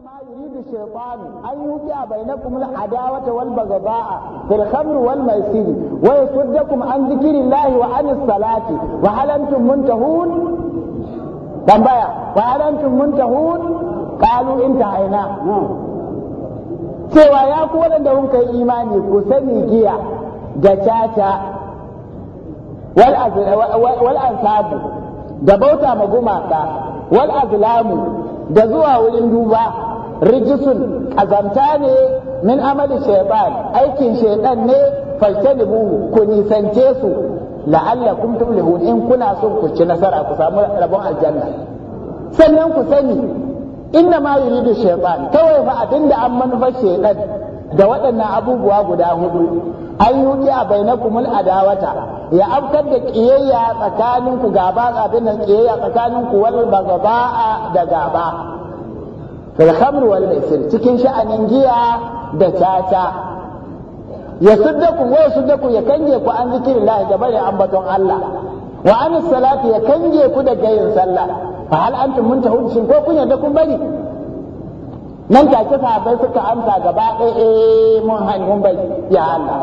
إنما يريد الشيطان أن يوقع بينكم العداوة والبغضاء في الخمر والميسر ويصدكم عن ذكر الله وعن الصلاة وهل أنتم منتهون؟ تنبيه وهل أنتم منتهون؟ قالوا انتهينا cewa ya ku waɗanda kun kai imani ku sani giya da caca wal ansabu da bauta ma gumaka wal azlamu da zuwa wurin duba rijisun ƙazanta ne min amali shaitan aikin shaiɗan ne fajtanibu ku nisance su la'allakum tuflihun in kuna son ku ci nasara ku samu rabon aljanna sannan ku sani inna ma yuridu shaitan kawai fa abinda an manufar shaiɗan da waɗannan abubuwa guda hudu an yuki a mun adawata ya afkar da kiyayya tsakaninku gaba tsakanin kiyayya tsakaninku wal bagaba da gaba fil khamr wal maisir cikin sha'anin giya da tata ya suddaku wa suddaku ya kange ku an zikrillah da bari ambaton Allah wa an salati ya kange ku daga yin sallah fa hal antum muntahun shin ko kun yarda kun bari nan take bai suka amsa gaba ɗaya eh mun hani mun bai ya Allah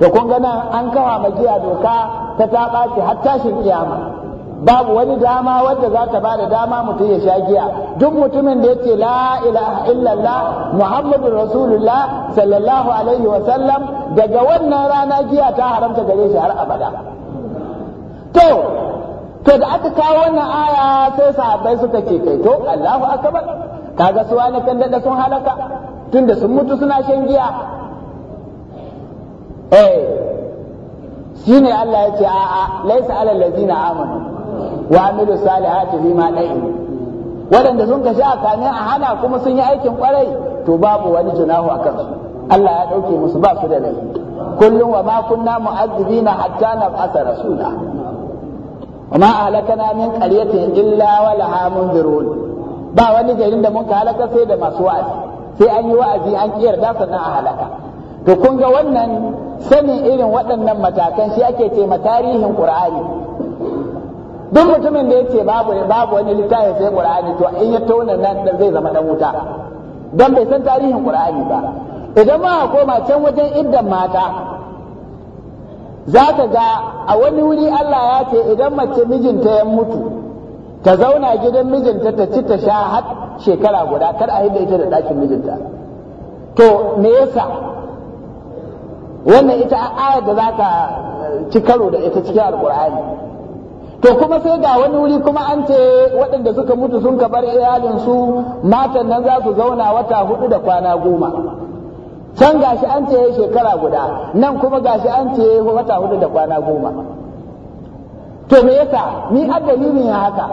to kun ga nan an kawa magiya doka ta ta ɓaci har tashin kiyama babu wani dama wanda za ta bada dama mutum ya sha giya duk mutumin da yake la ilaha illallah muhammadur rasulullah sallallahu alaihi wa sallam daga wannan rana giya ta haramta gare shi har abada to to da aka kawo wannan aya sai sahabbai suka ce kai to Allahu akbar kaga su wani kan dada sun halaka tunda sun mutu suna shan giya eh shine Allah ya ce a'a laisa alal ladina amanu wa amilu salihati bima da'in waɗanda sun kashi a kanin a hana kuma sun yi aikin kwarai to babu wani junahu akan su Allah ya ɗauke musu ba su da laifi kullum wa ma kunna mu'azzibina hatta nab'asa rasula wa ma ahlakana min qaryatin illa wa laha munzirun ba wani garin da muka halaka sai da masu wa'azi sai an yi wa'azi an kiyarda sannan a halaka to kun ga wannan sanin irin waɗannan matakan shi ake ce ma tarihin qur'ani duk mutumin da yake babu babu wani littafi sai qur'ani to in ya tauna nan da zai zama dan wuta don bai san tarihin qur'ani ba idan ma koma can wajen iddan mata za ka ga a wani wuri Allah ya ce idan mace mijinta ya mutu ta zauna gidan mijinta ta ci ta sha har shekara guda kar a hidda ita da ɗakin mijinta to me yasa wannan ita ayar da za ka ci karo da ita cikin alkur'ani to kuma sai ga wani wuri kuma an ce waɗanda suka mutu sun kabar iyalinsu matan nan za su zauna wata hudu da kwana goma can gashi an ce shekara guda nan kuma gashi an ce wata hudu da kwana goma to me yasa ni har dalilin ya haka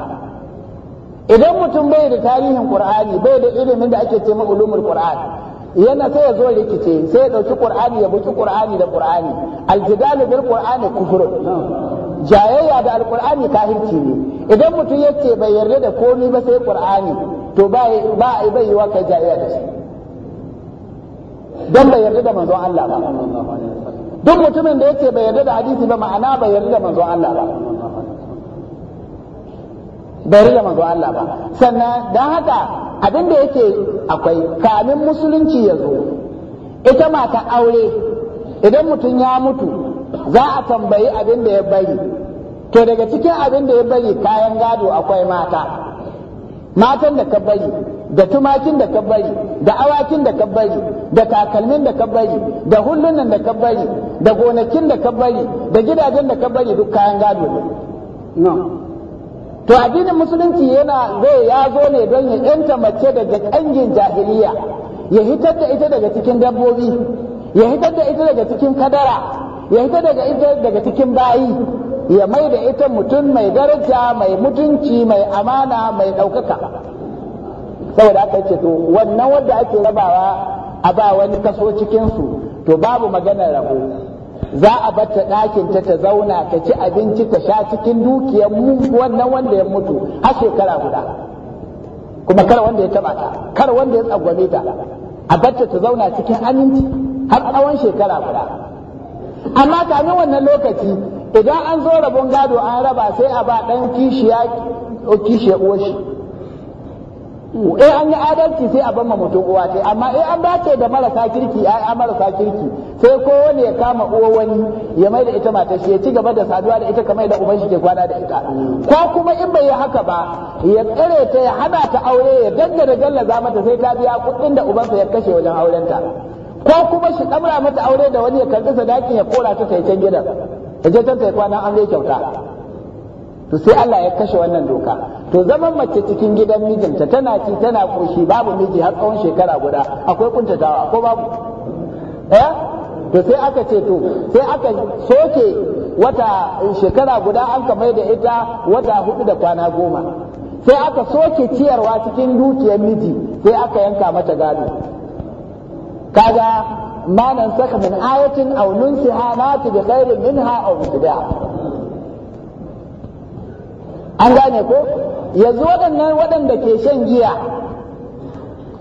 idan mutum bai da tarihin qur'ani bai da ilimin da ake ce ma ulumul qur'an yana sai ya zo rikice sai ya dauki qur'ani ya buki qur'ani da qur'ani aljidalu bil qur'ani kufrun jayayya da alkur'ani kafirci ne idan mutum yace bai yarda da komai ba sai qur'ani to ba ba bai wa kai jayayya da shi dan bai yarda da manzon Allah ba duk mutumin da yace bai yarda da hadisi ba ma'ana bai yarda da manzon Allah ba bai yarda da manzon Allah ba sannan dan haka abin da yake akwai kamin musulunci ya zo ita ma ta aure idan mutum ya mutu za a tambayi abin da ya bari to daga cikin abin da ya bari kayan gado akwai mata matan da ka bari da tumakin da ka bari da awakin da ka bari da takalmin da ka bari da hullunan da ka bari da gonakin da ka bari da gidajen da ka bari duk kayan gado ne to addinin musulunci yana zai ya zo ne don ya yanta mace daga ƙangin jahiliya ya hitar da ita daga cikin dabbobi ya hitar da ita daga cikin kadara ya fita daga ita daga cikin bayi ya mai da ita mutum mai daraja mai mutunci mai amana mai ɗaukaka saboda aka ce to wannan wanda ake rabawa a ba wani kaso cikinsu to babu maganar rabo za a bata ɗakin ta ta zauna ta ci abinci ta sha cikin dukiyar mu wannan wanda ya mutu a shekara guda kuma kar wanda ya taba ta kar wanda ya tsagwame ta a bata ta zauna cikin aminci har tsawon shekara guda amma kamin wannan lokaci idan an zo rabon gado an raba sai a ba ɗan kishiya kishiya uwar shi eh an yi adalci sai a ban ma mutum uwa ce amma eh an bace da marasa kirki ai marasa kirki sai ko wani ya kama uwa wani ya mai da ita matar shi ya ci gaba da saduwa da ita kamar da uban shi ke kwana da ita ko kuma in bai yi haka ba ya tsare ta ya hana ta aure ya dangana gallaza mata sai ta biya kuɗin da ubansa ya kashe wajen aurenta ko kuma shi ɗamra mata aure da wani ya karɓi sadakin ya kora ta ta can gidan ta je can ta kwana an zai kyauta to sai Allah ya kashe wannan doka to zaman mace cikin gidan mijinta tana ci tana koshi babu miji har tsawon shekara guda akwai kuntatawa ko babu eh to sai aka ce to sai aka soke wata shekara guda an ka mai da ita wata hudu da kwana goma sai aka soke ciyarwa cikin dukiyar miji sai aka yanka mata gado kaga malan saka min ayatin aw nunsiha ta bi khairin minha aw mithliha an gane ko yanzu waɗannan waɗanda ke shan giya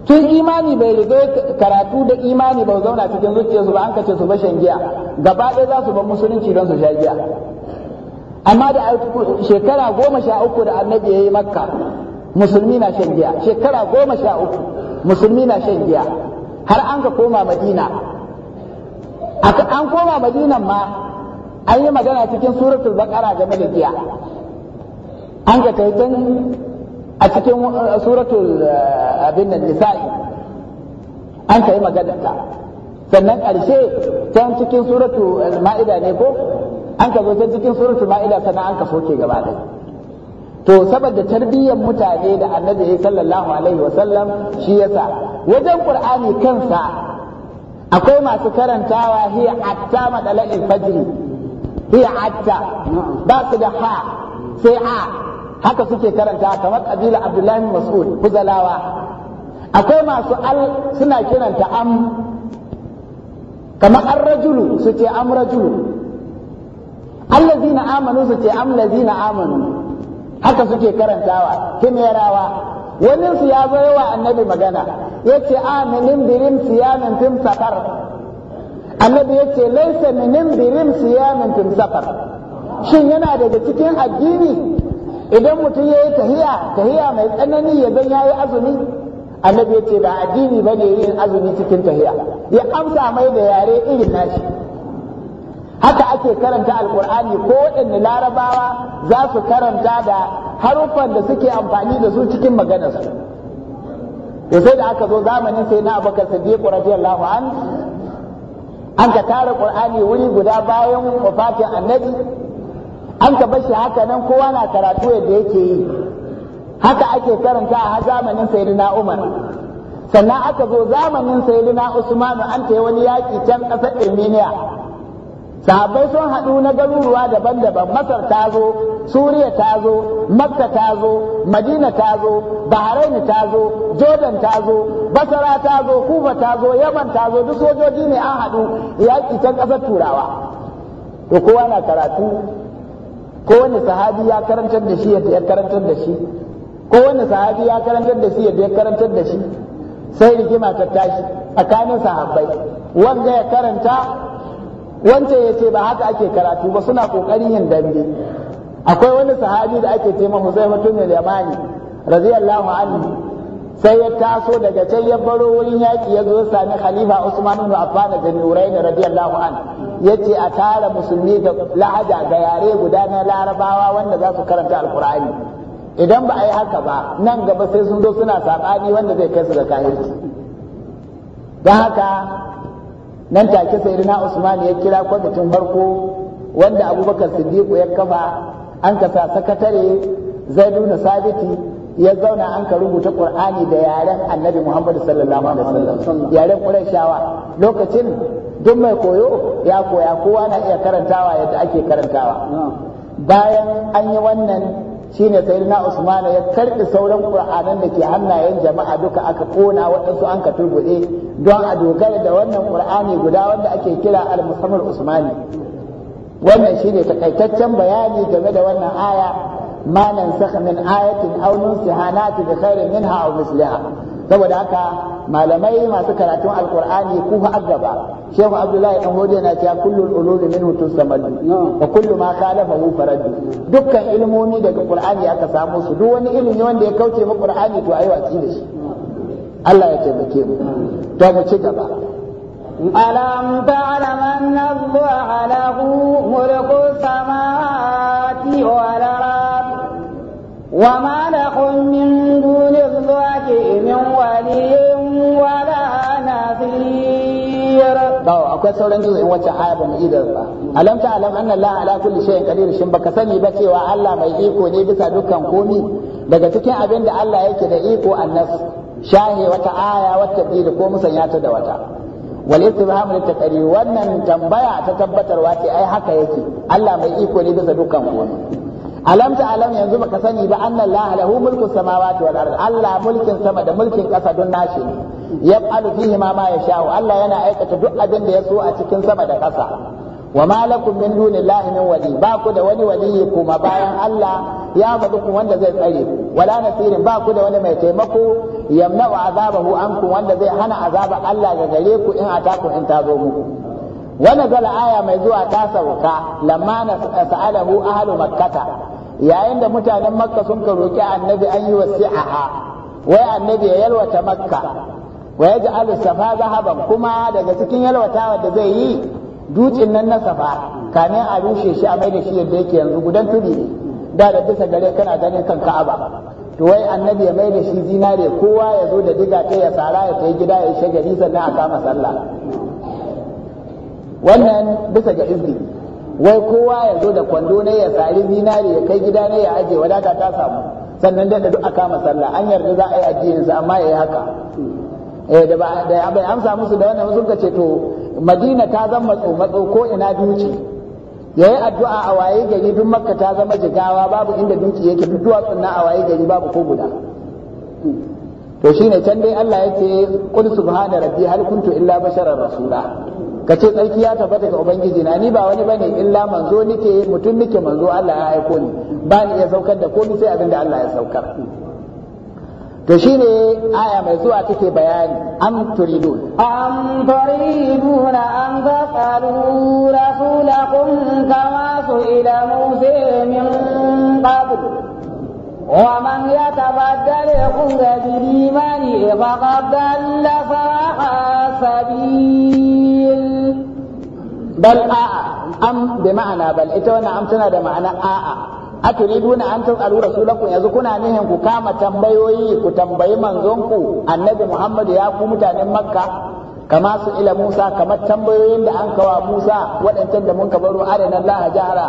tun imani bai riga karatu da imani ba zauna cikin zuciyarsu ba an kace su ba shan giya gaba ɗaya za su ba musulunci don su sha giya amma da shekara goma sha uku da annabi ya yi makka musulmi na shan giya shekara goma sha uku musulmi na shan giya har an ka koma madina an koma madinan ma an yi magana cikin suratul baqara ga da an ka kai can a cikin uh, suratul uh, abin nan nisa'i an kai magana ta sannan ƙarshe can cikin suratul uh, ma'ida ne ko an ka zo can cikin suratul ma'ida sannan an ka soke gaba ɗaya to saboda tarbiyyar mutane da annabi ya sallallahu alaihi wa sallam shi yasa wajen qur'ani kansa akwai masu karantawa hiya atta madala'il fajri hiya atta ba su da ha sai a haka suke karanta kamar kabila abdullahi mas'ud huzalawa akwai masu al suna kiranta am kamar an rajulu su ce am rajulu allazina amanu su ce am lazina amanu haka suke karantawa kimerawa wani su ya zo wa annabi magana yace minin birim siyamin fim safar annabi yace laisa minin birim siyamin fim safar shin yana daga cikin addini idan mutum ya yi tahiya tahiya mai tsanani ya zan ya yi azumi annabi yace ba addini ba ne yin azumi cikin tahiya ya amsa mai da yare irin nashi haka ake karanta alkur'ani ko waɗanne larabawa za su karanta da haruffan da suke amfani da su cikin maganarsu da sai da aka zo zamanin sai na abubakar siddiq radiyallahu an an ka tara qur'ani wuri guda bayan wafatin annabi an ka bashi haka nan kowa na karatu yadda yake yi haka ake karanta a zamanin sayyidina umar sannan aka zo zamanin sayyidina Usmanu an ta wani yaki can ƙasar irmeniya sahabbai sun haɗu na garuruwa daban-daban masar ta zo suriya ta zo makka ta zo madina ta zo bahrain ta zo jordan ta zo basara ta zo kufa ta zo yaman ta zo duk sojoji ne an haɗu yaƙi can ƙasar turawa to kowa na karatu wani sahabi ya karantar da shi yadda ya karantar da shi wani sahabi ya karantar da shi yadda ya karantar da shi sai rigima ta tashi tsakanin sahabbai wanda ya karanta wancan ya ce ba haka ake karatu ba suna kokarin yin dambe akwai wani sahabi da ake ce mahu zai mutum ne yamani radiyallahu anhu sai ya taso daga can ya baro wurin yaki ya zo sami khalifa usman ibn affan da nuraini radiyallahu anhu ce a tara musulmi da lahaja ga yare guda na larabawa wanda za su karanta alkur'ani idan ba a yi haka ba nan gaba sai sun zo suna saɓani wanda zai kai su ga kahirci don haka nan take sai na usman ya kira kwamitin farko wanda abubakar siddiqu ya kafa an kasa sakatare zaidu na sabiti ya zauna an ka rubuta qur'ani da yaren annabi muhammad sallallahu alaihi wasallam yaren qurayshawa lokacin duk mai koyo ya koya kowa na iya karantawa yadda ake karantawa bayan an yi wannan shine na usman ya karbi sauran qur'anan da ke hannayen jama'a duka aka ƙona waɗansu an ka turbuɗe don a dogara da wannan qur'ani guda wanda ake kira al-musammar usmani wannan shine takaitaccen bayani game da wannan aya Manan saka min ayatin aw nunsiha da bi khairin minha aw misliha saboda haka malamai masu karatun alqur'ani ku fa agaba shehu abdullahi dan hode na cewa kullul ulumi minhu tusamadu wa kullu ma khalafahu faraddu dukkan ilmomi daga qur'ani aka samu su duk wani ilimi wanda ya kauce ma qur'ani to ayi watsi da shi Allah ya taimake mu to mu ci gaba alam ta'lam anna Allah lahu mulku samawati wal ard wa ma lakum min duni من ولي ولا نذير bawa akwai sauran juz'in wacce aya ba mu idar ba alam ta alam anna la ala kulli shay'in qadir shin baka sani ba cewa Allah mai iko ne bisa dukkan komi daga cikin abin da Allah yake da iko annas shahe wata aya wata bidi ko musanya ta da wata wal istifham ta taqrir wannan tambaya ta tabbatarwa ce ai haka yake Allah mai iko ne bisa dukkan komi alam ta alam yanzu baka sani ba annan Allah lahu mulku samawati wal ard Allah mulkin sama da mulkin kasa don nashi ne yaf'alu fihi ma ma yasha'u Allah yana aikata duk abin da ya so a cikin sama da ƙasa wa ma lakum min dunillahi min wali ba ku da wani waliyi kuma bayan Allah ya faɗi ku wanda zai tsare ku wala nasirin ba ku da wani mai taimako yamna'u azabahu ankum wanda zai hana azaba Allah ga gare ku in a taku in ta tazo muku zuwa zuwa ta sauka لما sa'alahu ahlu makkata. yayin da mutanen makka sun ka roƙi annabi an yi wasi'aha wai annabi ya yalwata makka wa ya ji safa zahaban kuma daga cikin yalwatawa da zai yi dutsen nan na safa kane a rushe shi a mai da shi yadda yake yanzu gudan tudu da da bisa gare kana ganin kan ka'aba to wai annabi ya mai da shi zinare kowa ya zo da diga ta ya sara ya ta gida ya shagali sannan a kama sallah wannan bisa ga izini wai kowa ya zo da kwando ne ya sari zinari ya kai gida ne ya aje wadata ta samu sannan da duk aka masalla. sallah an yarda za a yi sa amma ya yi haka eh da ba da bai amsa musu da wannan sun ce to Madina ta zama matso matso ko ina duci yayi addu'a a waye gari duk Makka ta zama jigawa babu inda duci yake duk duwatsun na a waye gari babu ko guda to shine can dai Allah yake qul subhana rabbi hal kuntu illa basharar rasula ka ce tsarki ya tabbata ga ubangiji na ni ba wani bane illa manzo nike mutum nike manzo Allah ya aiko ni ba ni iya saukar da komai sai abin da Allah ya saukar to shine aya mai zuwa take bayani am turidu am turidun an tasalu rasulakum kama su ila musa min qabl ومن يتبدل الكفر بالإيمان فقد ضل سواء السبيل bal a'a am da ma'ana bal ita wannan am tana da ma'ana a'a aturiduna an tasalu rasulakum yanzu kuna nihin ku kama tambayoyi ku tambayi manzonku annabi Muhammad ya ku mutanen Makka kama su ila Musa kamar tambayoyin da an kawa Musa waɗancan da mun ka baro arina Allah jahara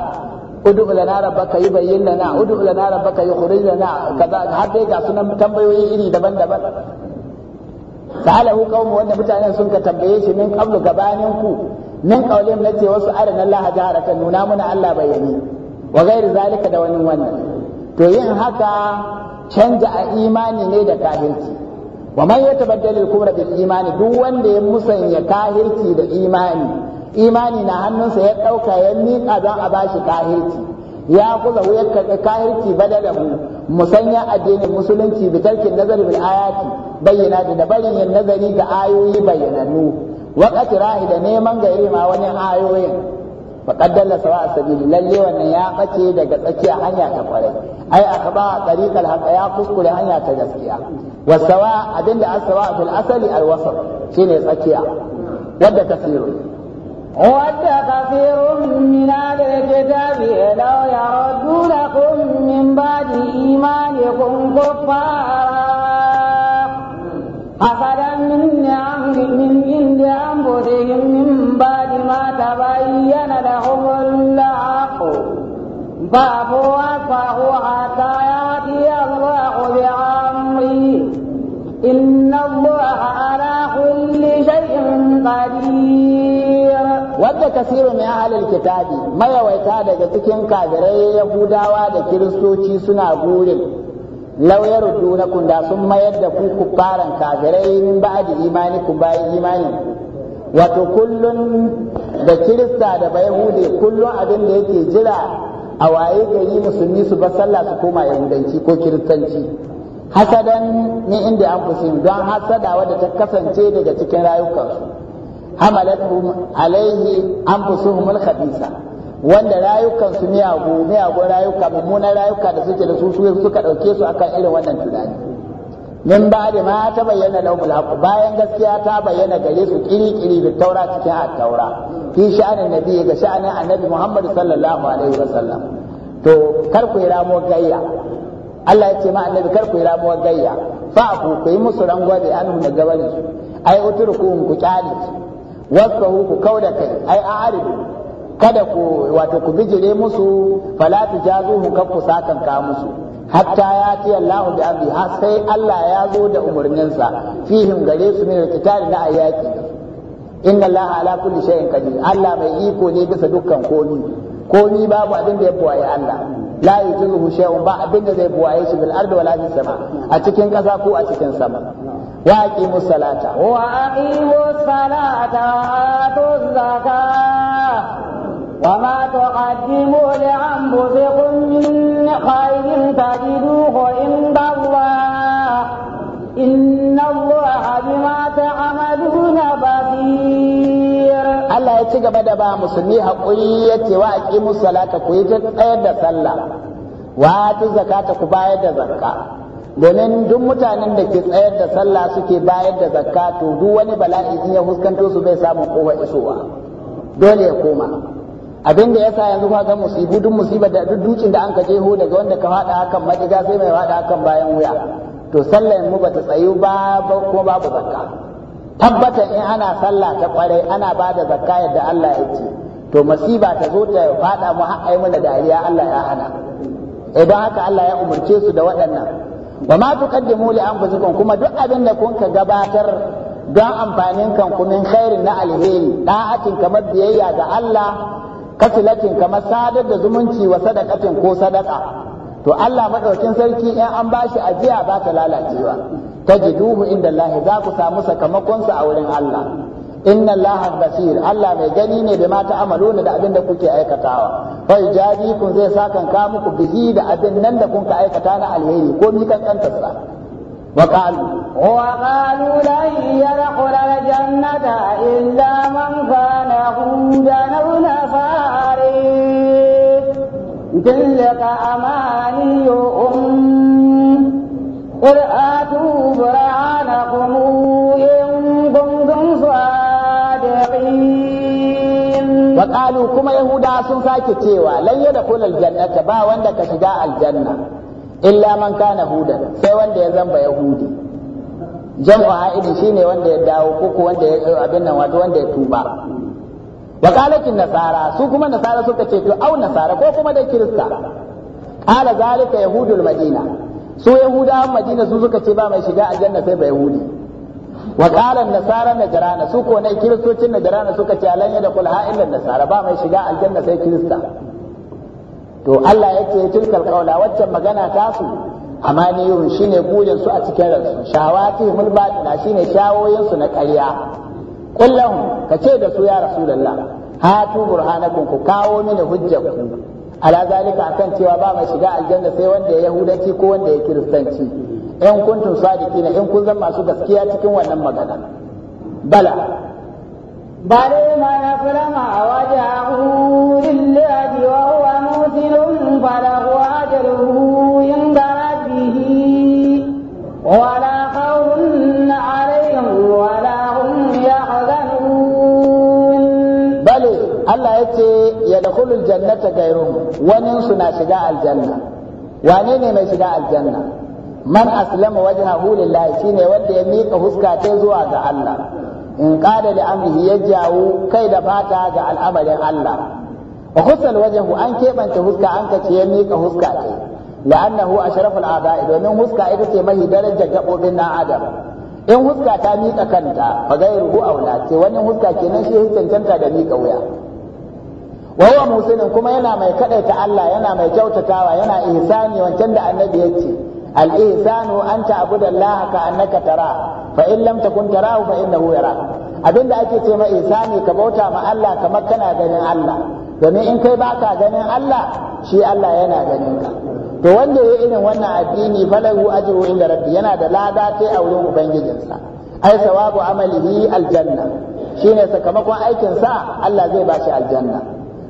udu lana rabbaka yubayyin lana udu lana rabbaka yukhrij lana kaza har dai ga sunan tambayoyi iri daban-daban sa'alahu qaumu wanda mutanen sun ka tambaye shi min qablu ga ku min na ce wasu arana Allah jahara kan nuna muna Allah bayani wa ghairi zalika da wani wannan to yin haka canja a imani ne da kahirci wa man yatabaddal al da imani duk wanda ya musanya kahirci da imani imani na hannunsa ya ɗauka ya miƙa don a bashi kahirci ya kusa wuyar karɓi kahirci badala mu musanya addinin musulunci bitarkin nazari bil ayati bayyana da barin yin nazari ga ayoyi bayyananu wakati qatirahi da neman gairi ma wani ayoyin fa qaddalla sawa sabili lalle wannan ya kace daga tsakiya hanya ta kwarai ai aka akaba tariqal haqa ya kuskure hanya ta gaskiya wa sawa abinda asawa fil asali al wasaf shi ne tsakiya wadda ta wadda ka da kasiru ود كثير من أهل الكتاب لو يردونكم من بعد إيمانكم كفارا حسدا min. بأنفسهم من بعد ما تبين لهم الحق فاعفوا واصفحوا حتى يأتي الله بأمره إن الله على كل شيء قدير wadda kasiru mai ahalin kitabi mayawaita daga cikin kabirai yahudawa da kiristoci suna burin lauyar na kunda sun mayar da ku kufaran kafirai min ba'di imanikum bayan imanin wato kullun da kirista da hude, kullun abin da yake jira a waye gari musulmi su ba sallah su koma yahudanci ko kiristanci hasadan ni inda an fusim don hasada wadda ta kasance daga cikin rayukansu hamalatuhum alaihi anfusuhumul khabisa wanda rayukansu miyagu miyagun rayuka mummunan rayuka da suke da su su suka dauke su akan irin wannan tunani min ba da ma ta bayyana lahumul bayan gaskiya ta bayyana gare su kiri kiri da taura cikin at-taura fi sha'anin nabi ga sha'anin annabi Muhammad sallallahu alaihi wasallam to kar ku mu gayya Allah ya ce ma annabi kar ku mu gayya fa ku ku yi musu rangwabe an na gabanin su ai uturku ku kyale wasu ku kauda kai ai a'ridu kada ku wato ku bijire musu fala tujazuhu ka ku sakan ka musu hatta ya ti Allahu bi amri ha sai Allah ya zo da umarninsa fihim gare su ne kitari na ayati inna Allah ala kulli shay'in qadir Allah mai iko ne bisa dukkan komi komi babu abin da ya buwaye Allah la yujizuhu shay'un ba abin da zai buwaye shi bil ardi wala bis sama a cikin ƙasa ko a cikin sama wa aqimus salata wa aqimus salata wa atuz zakata وما تقدموا لأنفسكم من خير تجدوه عند الله إن الله بما تعملون بصير Allah ya ci gaba da ba musulmi haƙuri ya ce wa aƙi musalata ku ta tsayar da sallah wa ta ku bayar da zakka domin duk mutanen da ke tsayar da sallah suke bayar da zakka to duk wani bala'i in ya fuskanto su bai samu kowa isowa dole ya koma abin da sa yanzu ka ga musibu duk musibar da duk dukin da an ka jeho daga wanda ka fada hakan madiga sai mai fada hakan bayan wuya to sallar mu bata tsayu ba ko babu zakka tabbata in ana sallah ta kwarai ana ba da zakka yadda Allah ya ce to masiba ta zo ta faɗa mu har ai mana dariya Allah ya hana idan eh, haka Allah ya umarce su da waɗannan wa ma tuqaddimu li anfusikum kuma duk abin da kun ka gabatar don amfanin kan kunin khairin na alheri da'atin kamar biyayya ga Allah kasilatin kamar sadar da zumunci wa sadakatin ko sadaka to Allah madaukin sarki in an bashi ajiya ba ta lalacewa tajiduhu inda Allah za ku samu sakamakonsa a wurin Allah inna Allah basir Allah mai gani ne da mata amaluna da abin da kuke aikatawa fa kun zai sakan ka muku bihi da abin nan da kun ka aikata na alheri ko mi kan sa وقالوا وقالوا لن يدخل الجنة إلا من كان هودا أو نصاري تلك أمانيهم قل آتوا برهانكم إن كنتم صادقين وقالوا كما يهودا سنساكي تيوا لن يدخل الجنة با وندك شجاع الجنة illa man kana hudan sai wanda ya zamba yahudi jam'u aidin shine wanda ya dawo ko ko wanda ya abin nan wato wanda ya tuba wa nasara su kuma nasara suka ce to au nasara ko kuma dai kirista qala zalika yahudul madina su yahudawan madina su suka ce ba mai shiga aljanna sai ba yahudi wa qala nasara najrana su ko ne kiristocin najrana suka ce alan da ha illa nasara ba mai shiga aljanna sai kirista to Allah ya ce tilkal qawla waccan magana ta su Amma amaniyun shine burin su a cikin ransu shawati mul na shine shawoyin su na ƙarya kullum ka ce da su ya rasulullah tu burhanakum ku kawo mini hujjaku ala zalika akan cewa ba mai shiga aljanna sai wanda ya yahudanci ko wanda ya kiristanci in kuntum sadiqina in kun zama masu gaskiya cikin wannan magana bala bare ma na firama wajahu lillahi wa ممثل Allah أجره عند ربه ولا خوف عليهم ولا هم يحزنون بل الله يتي يدخل الجنة غيرهم شجاع الجنة ما man aslama wajhahu lillahi shine wanda ya mika huska ta zuwa ga Allah in qala li amrihi ya jawo kai da fata ga al'amarin Allah wa wajen an kebance huska an kace ya mika huska ce la'annahu ashraful a'da'i domin huska ita ce mahi darajar gabobin na adam in huska ta mika kanta fa gairuhu aula ce wani huska kenan shi ya cancanta da mika wuya wa huwa musinin kuma yana mai kadaita Allah yana mai kyautatawa yana ihsani wancan da annabi ya ce al ihsanu an ta'budu Allah ka annaka tara fa in lam takun tarahu fa innahu abinda ake ce mai ihsani ka bauta ma Allah kamar kana ganin Allah domin in kai baka ganin Allah shi Allah yana ganin ka to wanda ya irin wannan addini falahu ajru inda rabbi yana da lada sai a wurin ubangijinsa ai sawabu amalihi aljanna shine sakamakon aikin sa Allah zai bashi aljanna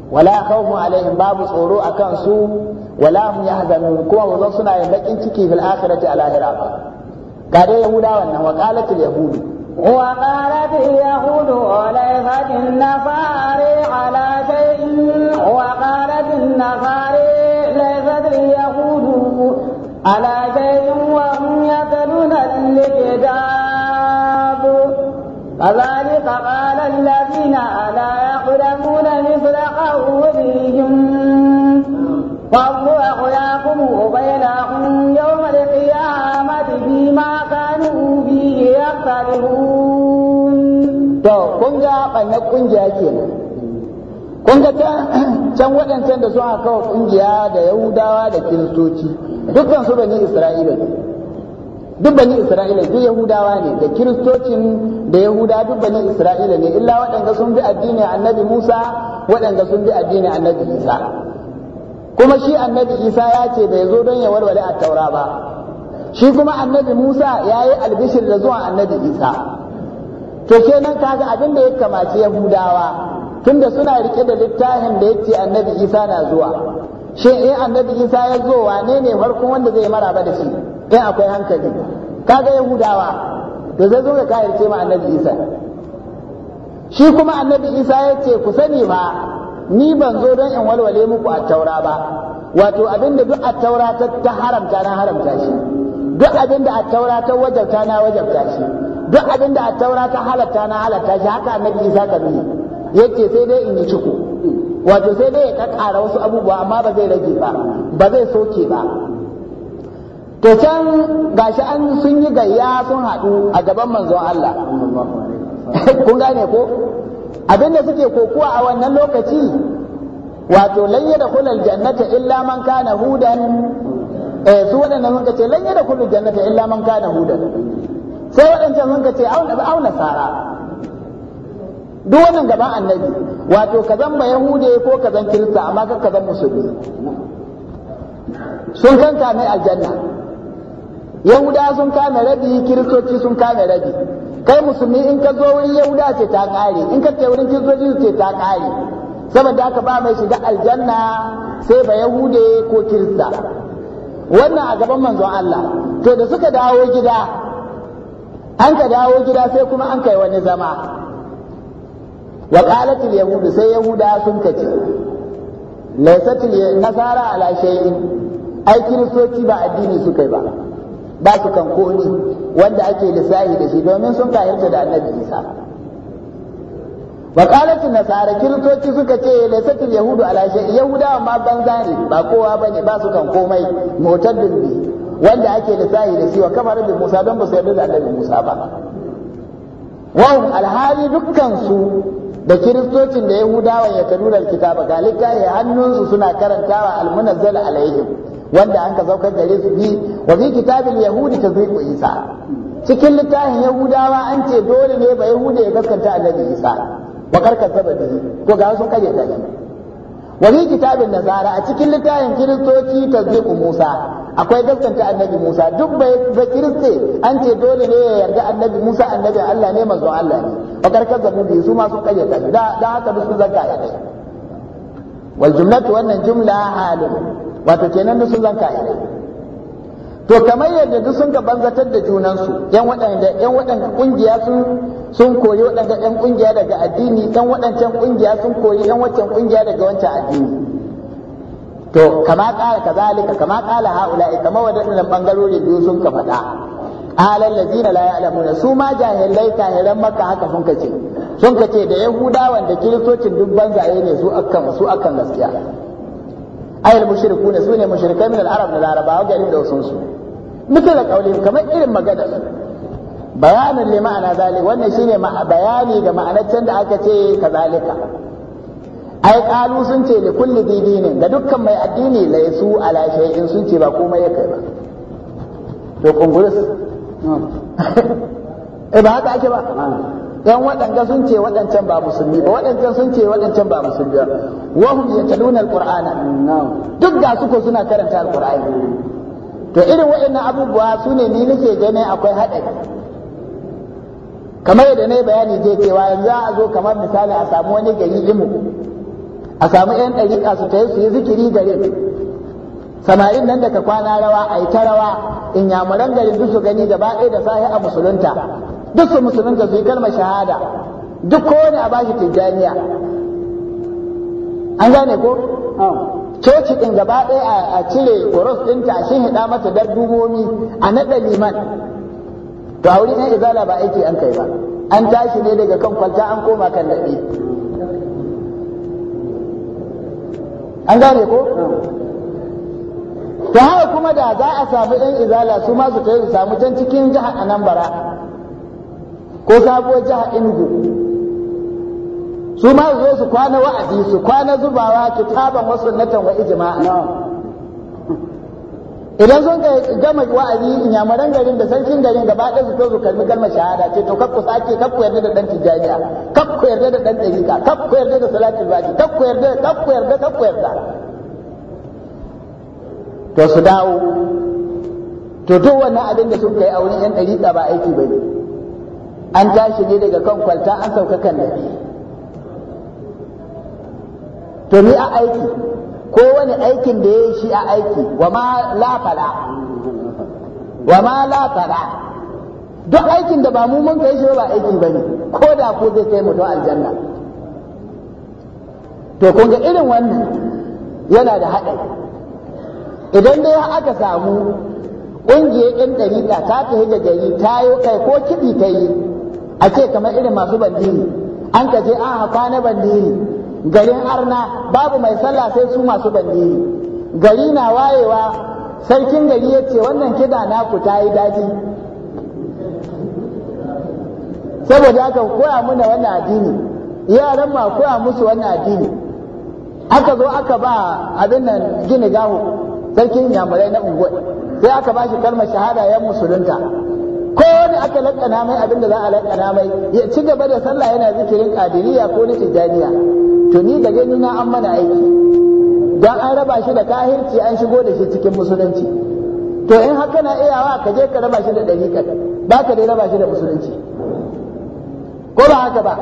wala khawfun alaihim babu tsoro akan su wala hum yahzanun kuma ba suna yin bakin ciki fil akhirati al lahira ba ga dai yahuda wannan wa qalatul yahudu وقالت اليهود وليست النصاري على شيء وقالت النصاري ليست اليهود على شيء وهم يتلون الكتاب كذلك قال الذين لا يقدمون مثل قولهم فالله na ƙungiya kenan kun ga can waɗancan da suna kawo ƙungiya da yahudawa da kiristoci dukkan su bani isra'ila ne duk bani isra'ila duk yahudawa ne da kiristocin da yahuda duk bani isra'ila ne illa waɗanda sun bi addini annabi musa waɗanda sun bi addini annabi isa kuma shi annabi isa ya ce bai zo don ya warware a taura ba shi kuma annabi musa ya yi albishir da zuwa annabi isa to kenan kaga abin da ya kamace yahudawa tunda suna rike da littafin da yake annabi isa na zuwa shi eh annabi isa ya zo wane ne farkon wanda zai maraba da shi in akwai hankali kaga yahudawa da zai zo ga ce ma annabi isa shi kuma annabi isa ya ce ku sani ba ni ban zo don in walwale muku a taura ba wato abin da duk a taura ta haramta na haramta shi duk abin da a taura ta wajabta na wajabta shi duk abin da taura ta halatta na halatta shi haka annabi isa ka nuna yace sai dai in yi ciko wato sai dai ya kakkara wasu abubuwa amma ba zai rage ba ba zai soke ba to can gashi an sun yi gayya sun haɗu a gaban manzon Allah kun gane ko abinda suke kokuwa a wannan lokaci wato lan kullal jannata illa man kana hudan eh su wadannan sun ce lan kullal jannata illa man kana hudan sai waɗancan sun ce auna sara duk wannan gaban annabi wato ka zan ba yahude ko ka zan kirista amma kan ka zan musulmi sun kan kame aljanna yahuda sun kame rabi kiristoci sun kame rabi kai musulmi in ka zo wurin yahuda ce ta ƙare in ka ce wurin kiristoci ce ta ƙare saboda haka ba mai shiga aljanna sai ba yahude ko kirista wannan a gaban manzon Allah to da suka dawo gida an ka dawo gida sai kuma an kai wani zama wa qalatil yahudu sai yahuda sun kace laysatil nasara ala shay'in ai kristoci ba addini suka yi ba ba su kan koli wanda ake lissahi da shi domin sun kayarta da annabi isa wa qalatil nasara kiristoci suka ce laysatil yahudu ala shay'in yahudawa ma banza ne ba kowa bane ba su kan komai motar dindi wanda ake da sahi da siwa kamar bin Musa don ba su yarda da annabi Musa ba Wa alhali dukkansu da kiristocin da yahudawa ya kaduna kitaba galika ya hannunsu suna karantawa almunazzal alaihim wanda an ka zaukar gare su bi wa fi kitabin yahudi zai isa cikin littafin yahudawa an ce dole ne ba yahuda ya gaskanta annabi isa wa karkar sababi ko ga wasu kaje ta Wani kitabin nazara a cikin littafin kiristoci tasdiqu musa akwai gaskanta annabi musa duk bai ba kiriste an ce dole ne ya yarda annabi musa annabi allah ne manzon allah ne fa karkar zamu bi su ma su sun kayyata da da haka su zanka ya dai wal jumlatu wannan jumla halun wato kenan su zanka ya dai to kamar yadda duk sun ka banzatar da junansu yan waɗanda yan waɗanda ƙungiya sun sun koyi waɗanda yan ƙungiya daga addini yan waɗancan ƙungiya sun koyi yan waccan ƙungiya daga wancan addini to kama kala kazalika kama haula haula'i kama waɗannan bangarori biyu sun ka faɗa alal ladina la ya'lamuna su ma jahilai kahiran makka haka sun kace sun kace da yahudawan da kiristocin duk banzaye ne su akan su akan gaskiya ayal mushriku ne sune mushrikai min al-arab da larabawa garin da wasun su muke da kauli kamar irin magana bayanin li ma'ana zali, wannan shine bayani ga ma'anar da aka ce kazalika ai kalu sun ce li kulli dinin ga dukkan mai addini laisu ala shay'in sun ce ba komai ya ba to kungurus eh ba haka ake ba dan waɗanga sun ce waɗancan ba musulmi ba waɗancan sun ce waɗancan ba musulmi ba wa hum yatluna alqur'ana duk ga suko suna karanta alqur'ani to irin waɗannan abubuwa su ne ni nake gane akwai haɗari kamar yadda na yi bayani je cewa yanzu a zo kamar misali a samu wani gari limu a samu yan ɗariƙa su ta su yi zikiri gare samarin nan daga kwana rawa ayi yi ta rawa in yamuran garin su gani gaba ɗaya da sahi a musulunta duk su musulunta su yi kalmar shahada duk kowane a bashi tijjaniya an gane ko coci ɗin gaba ɗaya a cire kuros ɗinta a shin hida mata dubomi a naɗa liman to a wurin yan izala ba aiki an kai ba an tashi ne daga kan kwalta an koma kan naɗi an gane ko Ta haka kuma da za a samu yan izala su ma su tayi su samu can cikin jihar bara ko sabuwar jiha inugu su ma zo su kwana wa'azi su kwana zubawa kitaban wasu natan wa ijma'a idan sun ga gama wa'azi inyamuran garin da sarkin garin da ba su to su kalmi kalmar shahada ce to kakku sake kakku yarda da ɗan jami'a, kakku yarda da ɗan ɗarika kakku yarda da salatul baki kakku yarda kakku yarda kakku yarda to su dawo to duk wannan abin da sun kai a wurin yan ɗarika ba aiki ba ne an tashi ne daga kan kwalta an sauka kan dabi to ni a aiki ko wani aikin da ya yi shi a aiki wa ma la fada wa ma la fada duk aikin da ba mu mun kai shi ba aiki bane ko da ko zai kai mu aljanna to kun ga irin wannan yana da haɗari idan dai aka samu ƙungiyar 'yan ɗariƙa ta tafi da gari ta yi kai ko kiɗi ta yi a ce kamar irin masu bandini an ka je an haka na bandiri garin arna babu mai sallah sai su masu bandini gari na wayewa sarkin gari ya ce wannan kida ku ta yi daji saboda aka koya muna wannan addini yaran ma koya musu wannan addini aka zo aka ba abin nan gini gaho sarkin yamurai na unguwa sai aka ba shi kalmar shahada ya musulunta ko wani aka lakana mai abin da za a lakana mai ya ci gaba da sallah yana zikirin kadiriya ko na tijaniya to ni da gani na an mana aiki dan an raba shi da kahirci an shigo da shi cikin musulunci to in haka na iyawa ka je ka raba shi da dariƙa ba ka dai raba shi da musulunci ko ba haka ba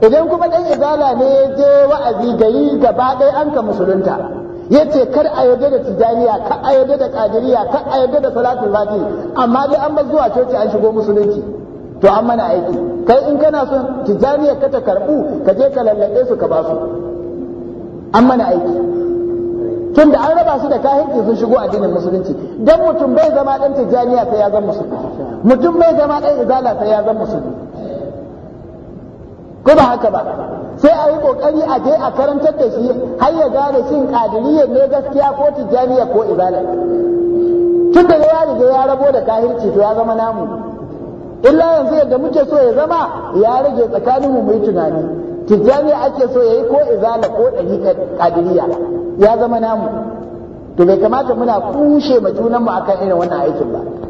idan kuma dan izala ne ya je wa'azi gari gaba ɗaya an ka musulunta yace kar a yarda da tijaniya kar a yarda da kadiriya kar a yarda da salatul fati amma dai an bar zuwa coci an shigo musulunci to an mana aiki kai in kana son tijaniya ka ta karbu ka je ka lallabe su ka ba su an mana aiki tun da an raba su da kahinki sun shigo addinin musulunci dan mutum bai zama dan tijaniya sai ya zama musulmi mutum bai zama dan izala sai ya zama musulmi ko ba haka ba sai a yi kokari a je a karantar da shi har ya gane shin kadiriyar ne gaskiya ko tijjaniya ko ibada tun da ya riga ya rabo da kahirci to ya zama namu illa yanzu yadda muke so ya zama ya rage tsakanin mu mai tunani tijjaniya ake so ya yi ko izala ko dari kadiriya ya zama namu to bai kamata muna kushe ma junanmu akan irin wannan aikin ba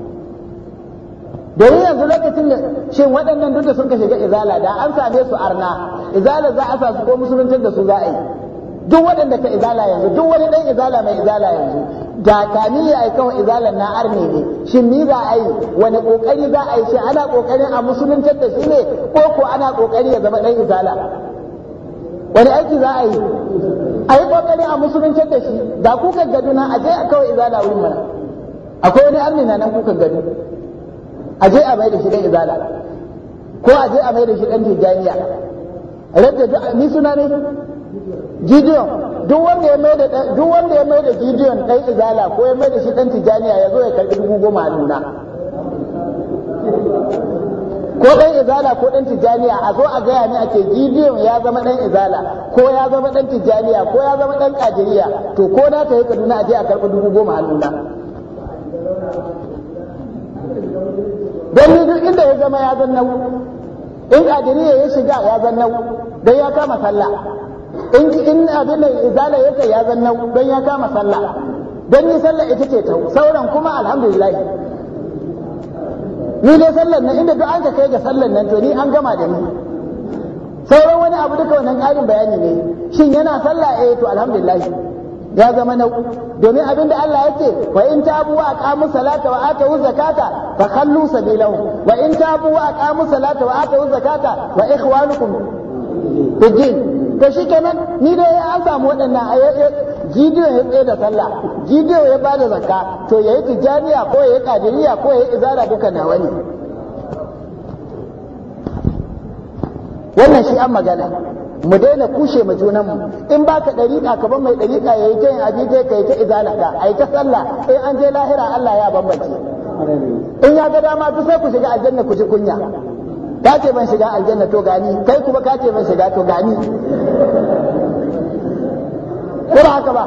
domin yanzu lokacin da shin waɗannan duk da sun ka shiga izala da an same su arna izala za a sa su ko musuluntar da su za a yi duk waɗanda ka izala yanzu duk wani ɗan izala mai izala yanzu da kami ya yi wa izalan na arne ne shin ni za a yi wani ƙoƙari za a yi shin ana ƙoƙarin a musuluntar da shi ne ko ko ana ƙoƙari ya zama ɗan izala wani aiki za a yi a yi ƙoƙari a musuluntar da shi da kukan gaduna a je a kawai izala wuri mana akwai wani arne na nan kuka gado a je a mai da shi dan izala ko a je a mai da shi dan tijaniya radda duk ni suna ne gideon duk wanda ya mai da duk wanda ya mai da gideon dan izala ko ya mai da shi dan tijaniya ya zo ya karbi dubu goma a nuna ko dan izala ko dan tijaniya a zo a gaya ni ake gideon ya zama dan izala ko ya zama dan tijaniya ko ya zama dan kajiriya to ko na ta yi kaduna a je a karbi dubu goma a nuna don duk inda ya zama ya zannau in adiriya ya shiga ya zannau don ya kama sallah in in abin da izala ya kai ya zannau don ya kama sallah don yi sallah ita ce ta sauran kuma alhamdulillah ni dai sallar nan inda duk an ka kai ga sallar nan to ni an gama da ni sauran wani abu duka wannan ƙarin bayani ne shin yana sallah eh to alhamdulillah ya zama nau domin abin da Allah ya ce wa in tabu wa aqamu salata wa atu zakata fa khallu sabilahu wa in tabu wa aqamu salata wa atu zakata wa ikhwanukum fijin to shikenan ni da ya an samu waɗannan ayoyi gidiyo ya tsaye da sallah gidiyo ya bada zakka to yayi tijaniya ko yayi kadiriya ko yayi izara duka nawa ne wannan shi an magana mu daina kushe mu junan mu in baka dariƙa ka ban mai dariƙa yayi ta yin abin kai ta izalaka ai ta sallah in an je lahira Allah ya bambace in ya ga dama duk sai ku shiga aljanna ku ji kunya ka ce ban shiga aljanna to gani kai kuma ka ce ban shiga to gani ko ba haka ba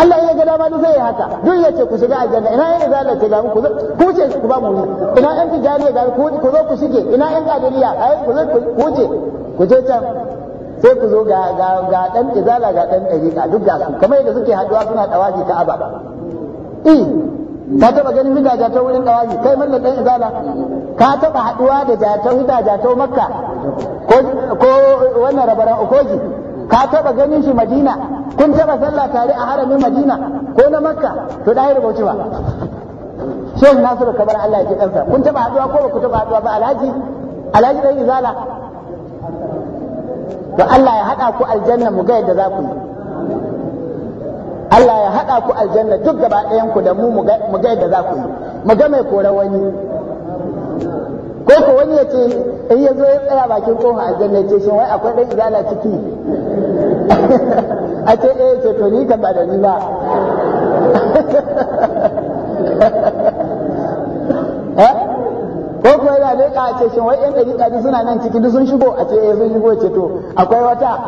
Allah ya ga dama zai yi haka duk ya ce ku shiga aljanna ina yin izala ce ga mu ku ce ku ba mu ina yan tijariya ga ku zo ku shige ina yan kadiriya ai ku zo ku ce ku je can sai ku zo ga ga ga dan izala ga dan dariqa duk ga su kamar yadda suke haduwa suna dawafi aba eh ka taba ganin hida ta wurin dawafi kai mallan dan izala ka taba haduwa da jatau hida ta makka ko ko wannan rabaran ukoji ka taba ganin shi madina kun taba sallah tare a haramin madina ko na makka to dai rubuci ba shehu nasiru kabar Allah ya ke kansa kun taba haduwa ko ba ku taba haduwa ba alhaji alhaji dan izala to Allah ya haɗa ku aljanna mu ga yadda za ku yi Allah ya haɗa ku aljanna duk gaba ɗayan ku da mu mu ga yadda za ku yi mu ga mai kora wani ko ko wani ya ce in ya zo ya tsaya bakin kofa aljanna ya ce shin wai akwai ɗan izala ciki a ce eh ce to ni kan ba da ni ba leƙa a ce shin wai yan ɗari ɗari suna nan ciki duk sun shigo a ce eh, sun shigo ce to akwai wata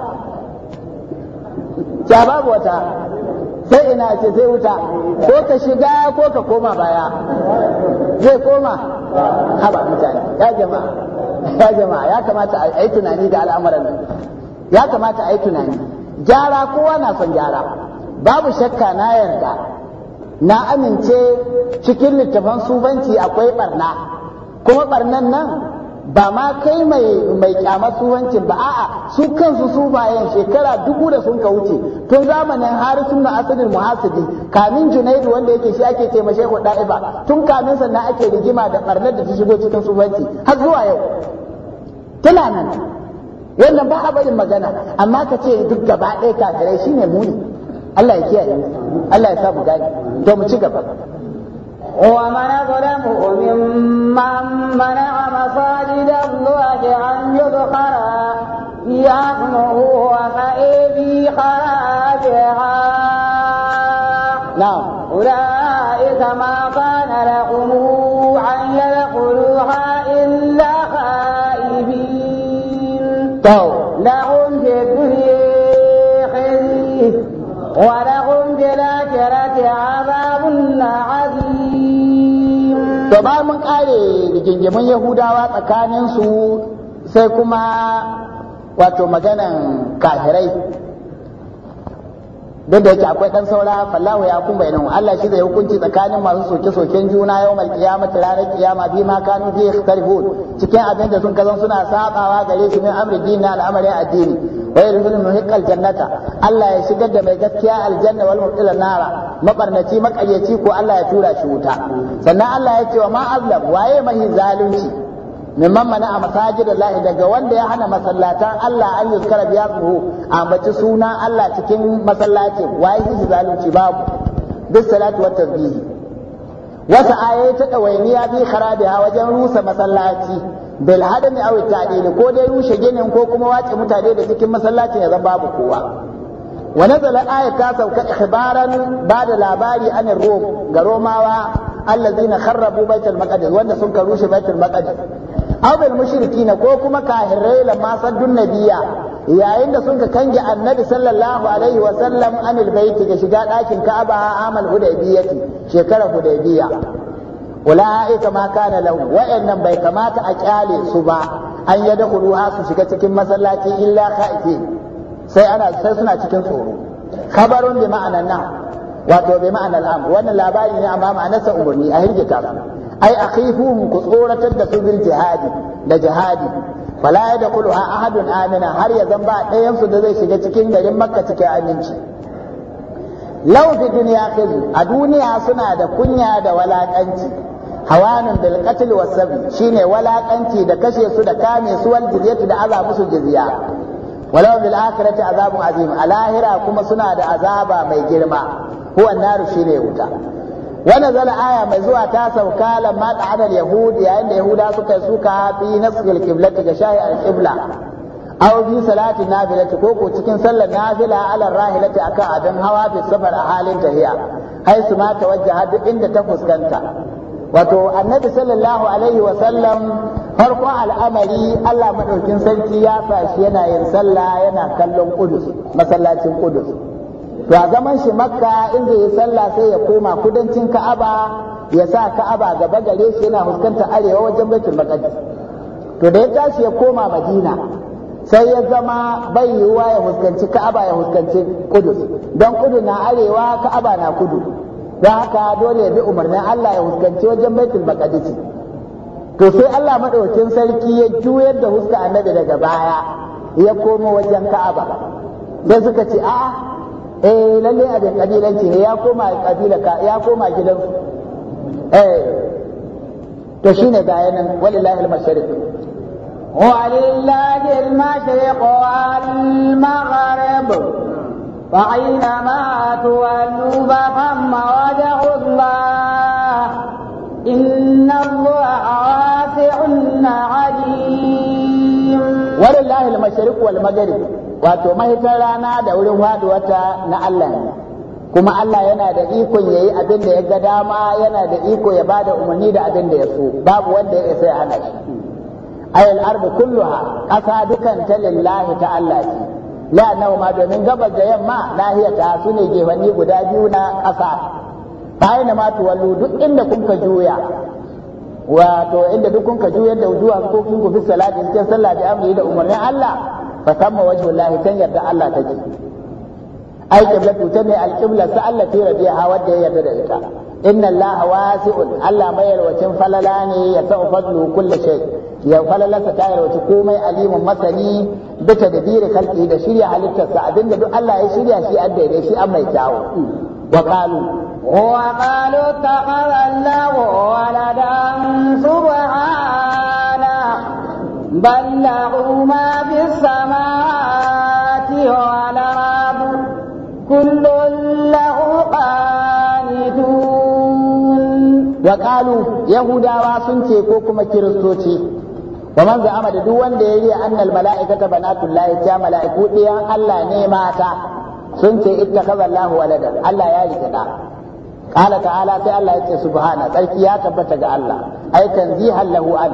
ta babu wata sai ina ce sai wuta ko ka shiga ko ka koma baya zai koma haba mutane ya jama'a ya jama'a ya kamata a yi tunani da al'amuran nan ya kamata a yi tunani gyara kowa na son gyara babu shakka na yarda na amince cikin littafan sufanci akwai barna kuma barnan nan ba ma kai mai mai kyamar ba a'a su kansu sufayen shekara dubu da sun ka wuce tun zamanin harisun na asirin muhasidi kamin junaidu wanda yake shi ake ce mashe ku da'iba tun kamin sannan ake rigima da barnar da ta shigo cikin sufanci har zuwa yau tana nan wannan ba a barin magana amma ka ce duk gaba ɗaya kafirai shine muni Allah ya kiyaye Allah ya sa mu gane to mu ci gaba ومن أظلم ممن منع مساجد الله أن يذكر باسمه وفئ خرابها نعم أولئك ما كان لهم أن يدخلوها إلا خائبين طيب. لهم في الدنيا خزي ولهم في الآخرة عذاب عظيم to ba mun kare rigingimin yahudawa tsakanin su sai kuma wato maganan kahirai duk da yake akwai dan saura fallahu ya kun bainahu Allah shi zai hukunci tsakanin masu soke soken juna yau kiyama qiyamati ranar kiyama bi ma kanu bi cikin abin da sun kazan suna sabawa gare shi min amri dini al'amari addini wa yadkhulu muhiqqal jannata Allah ya shigar da mai gaskiya aljanna wal mutila nara mabarnaci makayyaci ko Allah ya tura shi wuta sannan Allah ya ce wa ma waye mai zalunci mimman mana a masajid Allah daga wanda ya hana masallatan Allah an yuzkara biya a ambaci suna Allah cikin masallacin waye shi zalunci babu duk salatu wa tasbihi wasu ayoyi ta dawainiya bi kharabiha wajen rusa masallaci bil hadami aw ta'dil ko dai rushe ginin ko kuma wace mutane da cikin masallacin ya zama babu kowa wa nazala ta sauka ikhbaran ba da labari anin rom ga romawa allazina kharrabu baitul maqdis wanda sun rushe baitul maqdis aw bil na, ko kuma kahirai lamma saddun nabiyya yayin da sun ka kange annabi sallallahu alaihi wa sallam anil baiti ga shiga dakin ka'aba amal hudaybiyati shekara hudaybiyya ula'ika ma kana lahu wa'annan bai kamata a kyale su ba an yadkhuluha su shiga cikin masallaci illa khaifi sai sai suna cikin tsoro khabarun bi ma'anan nan wato wannan labari ne amma ma'anarsa a hirgita ai akhifuhum ku tsoratar da su bil jihadi da jihadi fala yadkhuluha ahadun amina har ya zan ba ɗayan su da zai shiga cikin garin makka cikin aminci law fi dunya khizu a duniya suna da kunya da walakanci hawanin bil qatl was shine walakanci da kashe su da kame su wal jizyatu da aza musu jizya walau bil akhirati azabun azim a lahira kuma suna da azaba mai girma huwa naru shine wuta wani zala aya mai zuwa ta sauka lamma da adal yahudi yayin da yahuda suka suka fi nasbil kiblati ga shahi al qibla aw fi salati nafilati ko ko cikin sallar nafila ala rahilati akan abin hawa fi safar a halin tahiya hai su ma tawajjaha duk inda ta fuskanta wato annabi sallallahu alaihi wa sallam farkon al'amari Allah madaukin sarki ya fashi yana yin sallah yana kallon kudus masallacin kudus to a zaman shi makka in zai yi sallah sai ya koma kudancin ka'aba ya sa ka'aba gaba gare shi yana fuskantar arewa wajen baitul maqdis to da ya tashi ya koma madina sai ya zama bai yiwuwa ya fuskanci ka'aba ya fuskanci kudus don kudu na arewa ka'aba na kudu don haka dole ya bi umarnin Allah ya fuskanci wajen baitul maqdis to sai Allah madaukin sarki ya juyar da huska annabi daga baya ya komo wajen ka'aba sai suka ce a'a eh lalle a kabilanci ne ya koma kabila ka ya koma gidan eh to shine ga yanan walillahi al-mashariq ولله المشرق والمغرب فأينما تولوا فثم وجه الله إن الله واسع عليم ولله المشرق والمغرب wato mahitar rana da wurin faduwata na Allah ne kuma Allah yana da iko yayi abin da ya ga dama yana da iko ya bada umarni da abin da ya so babu wanda ya isa ana shi ayal ardu kulluha ƙasa dukan ta lillahi ta Allah ce la nau ma domin gabar da yamma lahiya ta su ne gefanni guda biyu na ƙasa bayan ma tuwallu duk inda kun ka juya wato inda duk kun ka juyar da zuwa ko kun ku fi salati cikin sallah da amri da umarnin Allah fa tamma wajhu Allah tan yarda Allah take ai qiblatu ta mai alqibla sa Allah ta rabiya ha wanda ya yarda da ita inna Allah wasi'un Allah mai yalwacin falala ne ya sa'u fadlu kulli shay ya falalasa ta yalwaci komai alimun masani bisa da dire kalki da shirya halittarsa abinda duk Allah ya shirya shi an daidai shi an mai kyawu wa qalu وقالوا اتخذ الله ولدا سبحانه بل له ما في السماوات والأرض كل له قانتون وقالوا يهودا واسنتي كوكما كيرستوتي ومن زعم da duk wanda ya riya annal mala'ikata banatullahi ta mala'iku ɗiyan Allah ne mata sun ce ittakhadha Allah walada Allah ya rike da qala ta'ala sai Allah yake subhana tsarki ya tabbata ga Allah ai tanzihan an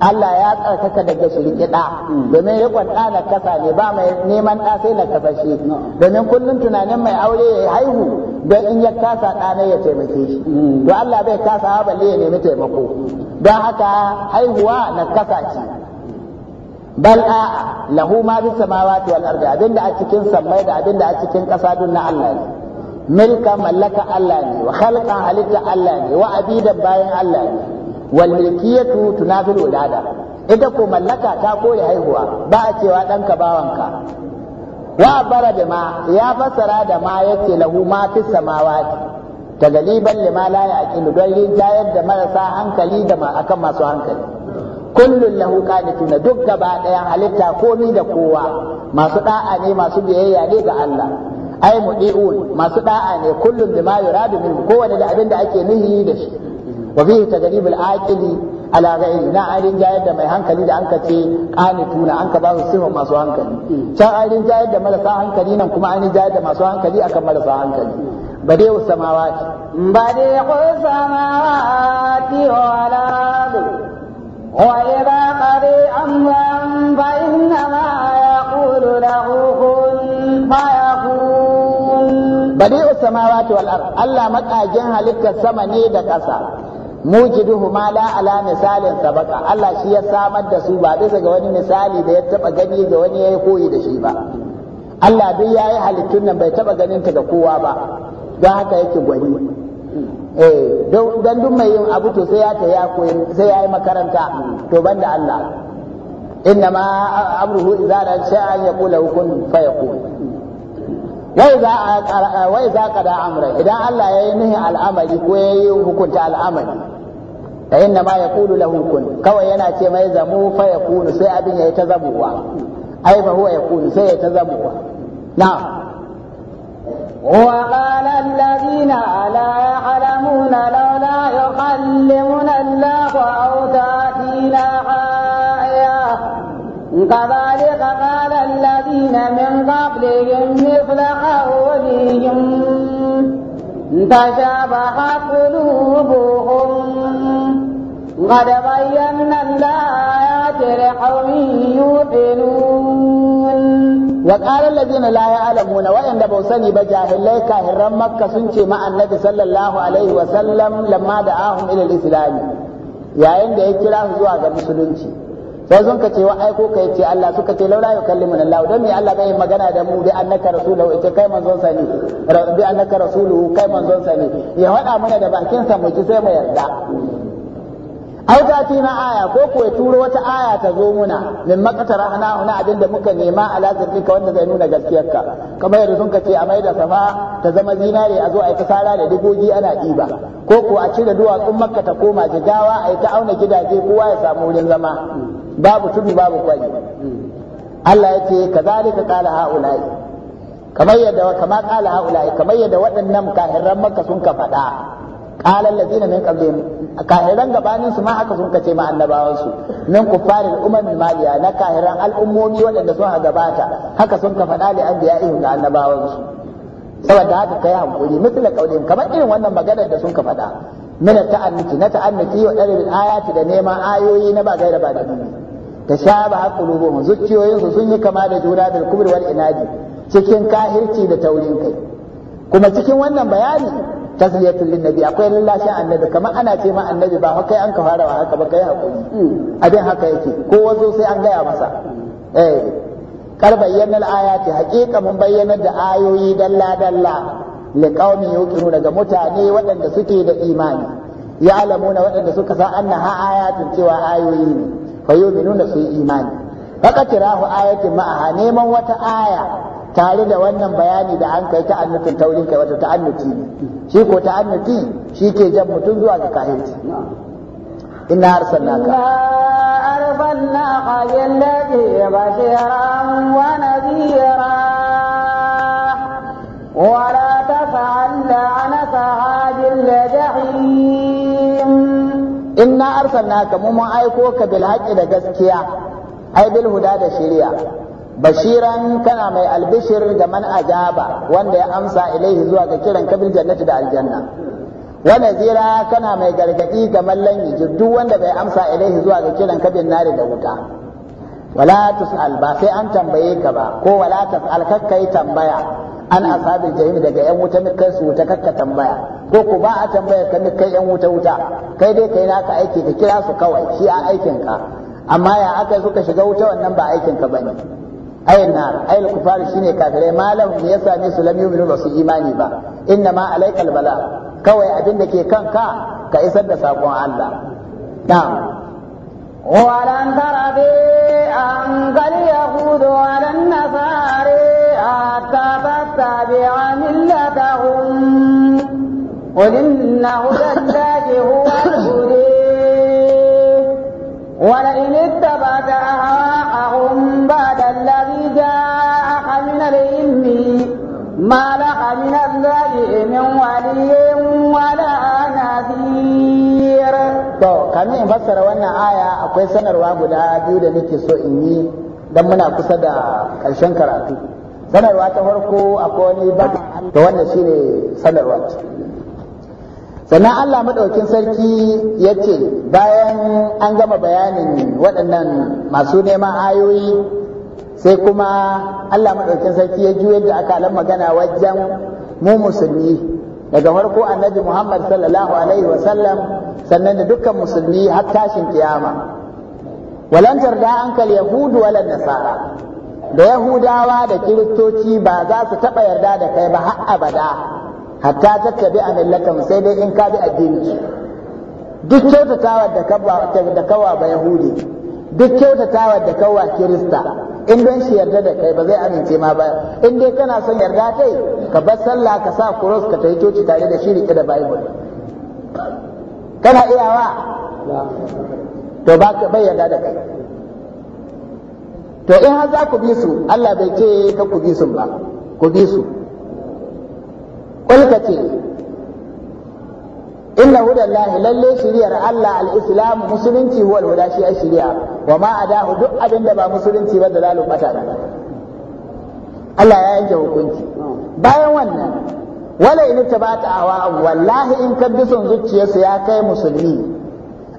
Allah ya tsarkaka daga shirki ɗa domin rikon ɗa na kasa ne ba mai neman ɗa sai na kasa shi domin kullum tunanin mai aure ya haihu don in ya kasa ɗa ne ya taimake shi to Allah bai kasa ha balle ya nemi taimako don haka haihuwa na kasa ce bal a lahu ma bi samawati wal ardi abinda a cikin sammai da abinda a cikin ƙasa dun na Allah ne milka mallaka Allah ne wa khalqan halitta Allah ne wa abidan bayan Allah ne wal milkiyatu tunazul ulada ita ko mallaka ta kore haihuwa ba a cewa ɗanka bawanka wa bara da ma ya fassara da ma yace lahu ma fi samawati ta galiban lima la yaqilu don da marasa hankali da ma akan masu hankali kullun lahu qanituna duk gaba daya halitta komi da kowa masu da'a ne masu biyayya ne ga Allah ai mudi'un masu da'a ne kullum bima yuradu min kowane da abin da ake nihi da shi wa fihi tagrib al-aqili ala ghairi na arin jayar da mai hankali da anka ce an ka ba su sifa masu hankali can arin jayar da marasa hankali nan kuma arin jayar da masu hankali akan marasa hankali بديع السماوات بديع السماوات والأرض وإذا قضي أمرا فإنما يقول له كن فيكون بديع السماوات والأرض ألا متى halitta لك السماء نيدك أسعى mujiduhu ma la ala misalin sabaka Allah shi ya samar da su ba bisa ga wani misali da ya taba gani ga wani yayi koyi da shi ba Allah duk yayi halittun nan bai taba ganin ta da kowa ba don haka yake gwani eh don dan duk mai yin abu to sai ya ta ya koyi sai yayi makaranta to banda Allah inna ma amruhu idza ra hukun fa ya fayakun wai za a wai za kada amra idan Allah ya yi nihin al'amari ko ya yi hukunta al'amari فإنما يقول له كن كو ينا ما يزمو فيقول سيئة به يتزمو أي فهو يقول سيئة يتزمو نعم وقال الذين لا يعلمون لولا يقلمون الله أو تأتينا آية كذلك قال الذين من قبلهم مثل قولهم تشابهت قلوبهم قد بينا الآيات لقوم يوقنون وقال الذين لا يعلمون وإن دبوا سني بجاهلي makka مكة سنتي مع النبي صلى الله عليه وسلم لما دعاهم إلى الإسلام yayin da ya kira su zuwa ga musulunci sai sun kace aiko kai ce Allah suka ce laula na Allah dan me Allah bai magana da mu bi annaka rasuluhu ita kai manzon sa ne rabbi annaka kai manzon sa ne ya faɗa mana da bakin sa mu ci sai mu yarda au ta na aya ko ko ya turo wata aya ta zo muna min makatara hana na abin da muka nema ala ka wanda zai nuna gaskiyarka kamar yadda sun ce a maida sama ta zama zinare a zo a yi ta sara da dubogi ana diba ko ko a cire duwatsun makka ta koma jigawa a ta auna gidaje kowa ya samu wurin zama babu tudu babu kwari Allah ya ce kazalika qala haula'i kamar yadda kama qala haula'i kamar yadda waɗannan kafiran makka sun ka faɗa qala allazina min qablihim kahiran gabanin su ma haka sun kace ma annabawan su min kuffaril umamil maliya na kahiran al'ummomi waɗanda sun gabata haka sun ka faɗa li anbiya'ihim da annabawan su saboda haka kai hankuri misal kaulin kamar irin wannan maganar da sun ka faɗa min ta'annuti na ta'annuti wa dalil ayati da neman ayoyi na ba gaira ba da ta shaba qulubuhum zuciyoyinsu sun yi kama da juna bil kubri wal inadi cikin kahirci da taurin kai kuma cikin wannan bayani tasliyatul linnabi akwai lallashin annabi kamar ana ce ma annabi ba kai an ka fara haka ba kai hakuri abin haka yake ko wazo sai an gaya masa eh kar bayyana al-ayati haqiqa mun bayyana da ayoyi dalla dalla qaumi yuqinu daga mutane waɗanda suke da imani ya na waɗanda suka san ha ayatin cewa ayoyi ne fa yu'minuna su imani faqatirahu ayatin ma'aha neman wata aya tare da wannan bayani da an kai ta'annutin taurin kai wato ta'annuti shi ko ta'annuti shi ke jan mutum zuwa ga kahirci inna arsalna arsalnaka lillahi bashiran wa nadhira wa la tafa'alna la'anaka hadil jahim inna arsalna ka mu mun aiko ka bil haqqi da gaskiya ai bil huda da shari'a bashiran kana mai albishir ga man ajaba wanda ya amsa ilaihi zuwa ga kiran kabil jannati da aljanna wa nazira kana mai gargadi ga mallan yiji duk wanda bai amsa ilaihi zuwa ga kiran kabil nari da wuta wala tusal ba sai an tambaye ka ba ko wala tasal kakkai tambaya an asabil jahim daga yan wuta mika su wuta kakka tambaya ko ku ba a tambaya ka kai yan wuta wuta kai dai kai naka aiki ka kira su kawai shi a aikin ka amma ya aka suka shiga wuta wannan ba aikin ka bane ayin nar ayil kufari shine kafirai malam mu yasa ne su lam yu'minu ba su imani ba inna ma alaikal bala kawai abin da ke kan ka isar da sakon Allah na'am ولن ترضي عنك اليهود ولا النصارى حتى تتبع ملتهم قل إن هدى الله هو الهدي ولئن اتبعت أهواءهم قد من العلم ما لك من الله من ولي ولا نذير to kamin in fassara wannan aya akwai sanarwa guda biyu da nake so in yi dan muna kusa da ƙarshen karatu sanarwa ta farko akwai wani ba to wannan shine sanarwa sannan Allah maɗaukin sarki ya ce bayan an gama bayanin waɗannan masu neman ayoyi sai kuma Allah maɗaukin sarki ya juyar da akalan magana wajen mu musulmi daga farko annabi Muhammad sallallahu alaihi wa sallam sannan da dukkan musulmi har tashin kiyama walan tarda ankal yahudu walan nasara da yahudawa da kiristoci ba za su taba yarda da kai ba har abada hatta tattabi a millatan sai dai in ka bi addini duk kyautatawa da kawa ba yahudi duk kyautatawa da kawa kirista in don shi yarda da kai ba zai amince ma ba in dai kana son yarda kai ka bar sallah ka sa cross ka tafi coci tare da shi rike da bible kana wa? to ba ka bai yarda da kai to in har za ku bi su Allah bai ce ka ku bi su ba ku bi su kulka ce inna hudallahi lalle shiriyar Allah al-islam musulunci huwa al-huda shi a shiriya wa ma adahu duk abin da ba musulunci ba da lalu bata Allah ya yanke hukunci bayan wannan wala in tabata awa wallahi in kaddi zuciyarsu ya kai musulmi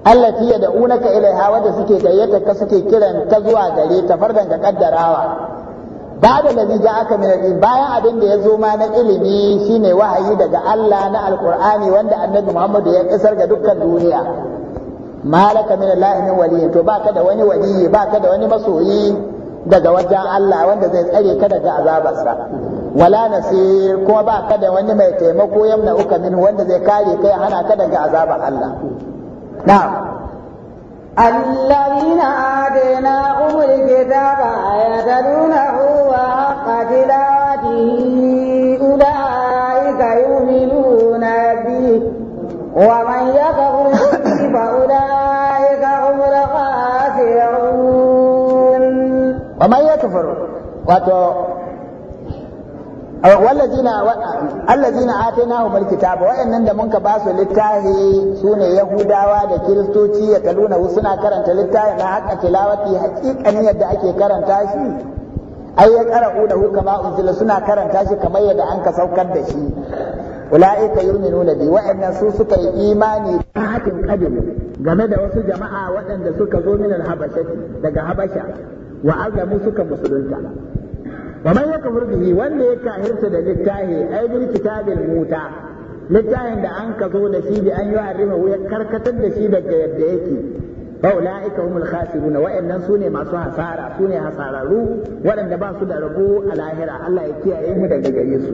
Allah fiye da unaka ilaiha da suke gayyata ka suke kiran ka zuwa gare ta fardan ka kaddarawa ba da lazi aka min ilmi bayan abin da ya zo ma na ilimi shine wahayi daga Allah na alqur'ani wanda annabi Muhammad ya kisar ga dukkan duniya malaka min Allah min to baka da wani wali baka da wani masoyi daga wajen Allah wanda zai tsare ka daga azabarsa wala nasir kuma baka da wani mai taimako yamna uka min wanda zai kare kai hana ka daga azabar Allah na'am الذين آتيناهم الكتاب يتلونه وحق تلاوته أولئك يؤمنون به ومن يكفر به فأولئك هم الخاسرون ومن يكفر wato wallazina allazina atainahum alkitaba wa'annan da munka ba su littafi sune yahudawa da kiristoci ya taluna suna karanta littafi na haka tilawati haƙiƙan yadda ake karanta shi ai ya qara'u da kama unzila suna karanta shi kamar yadda an ka saukar da shi ulaika yu'minuna bi wa'annan su suka yi imani hakin qabil game da wasu jama'a waɗanda suka zo min al daga habasha wa suka musulunta wa man yakfur bihi wanda ya kafirta da littahi ai bil kitabil muta littahin da an ka da shi bi an yi wa harima ya karkatar da shi daga yadda yake faulaika humul khasiruna wa'annan sune masu hasara sune hasararu waɗanda ba su da rabo a lahira Allah ya kiyaye mu daga gare su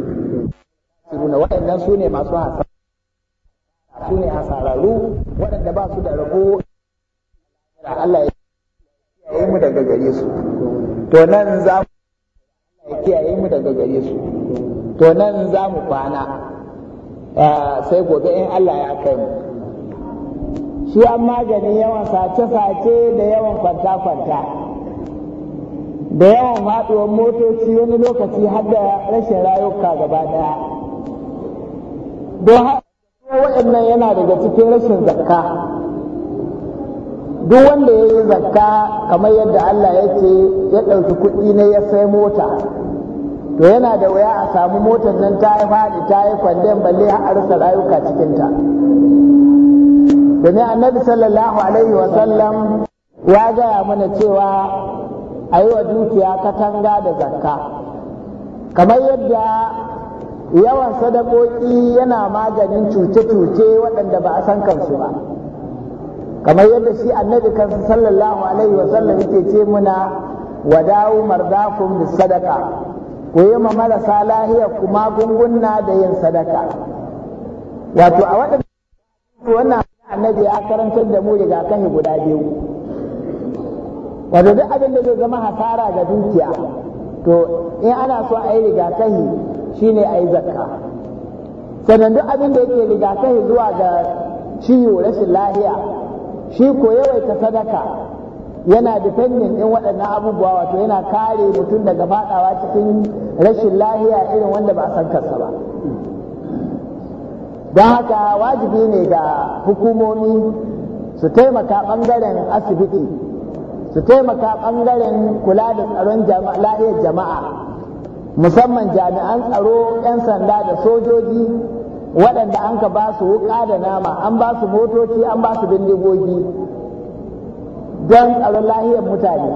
khasiruna wa'annan sune masu hasara sune hasararu waɗanda ba su da rabo a lahira Allah ya kiyaye mu daga gare su to nan za mu kiyaye mu daga gare su to nan za mu kwana ah, sai gobe in Allah ya kai mu shi an magani yawan sace-sace da yawan kwanta-kwanta da yawan maɗuwar motoci wani lokaci har da rashin rayuka gaba ɗaya don haka waɗannan yana daga cikin rashin zakka duk wanda ya yi zakka kamar yadda Allah ya ce ya ɗauki kuɗi ne ya sai mota to yana da wuya a samu motar nan ta yi faɗi ta yi kwandon balle a arsa rayuka cikinta domin annabi sallallahu alaihi wa sallam ya gaya mana cewa a yi wa dukiya katanga da zakka kamar yadda yawan sadakoki yana maganin cuce-cuce waɗanda ba a san kansu ba kamar yadda shi annabi kansa sallallahu alaihi wa sallam yake ce muna wadawu mardakum bis sadaqa ku yi ma marasa lahiyar kuma gungunna da yin sadaka wato a waɗanda wannan annabi ya karantar da mu kahi guda biyu wato duk abin da zai zama hasara ga dukiya to in ana so a yi shi ne a yi zakka sannan abin da yake rigakafi zuwa ga ciwo rashin lahiya shi ko yawaita sadaka yana dependent ɗin waɗannan abubuwa wato yana kare mutum daga faɗawa cikin rashin lahiya irin wanda ba a san kansa ba don haka wajibi ne ga hukumomi su taimaka ɓangaren asibiti su taimaka ɓangaren kula da tsaron lahiyar jama'a musamman jami'an tsaro 'yan sanda da sojoji waɗanda an ka ba su wuƙa da nama an ba su motoci an ba su bindigogi don tsaron lahiyar mutane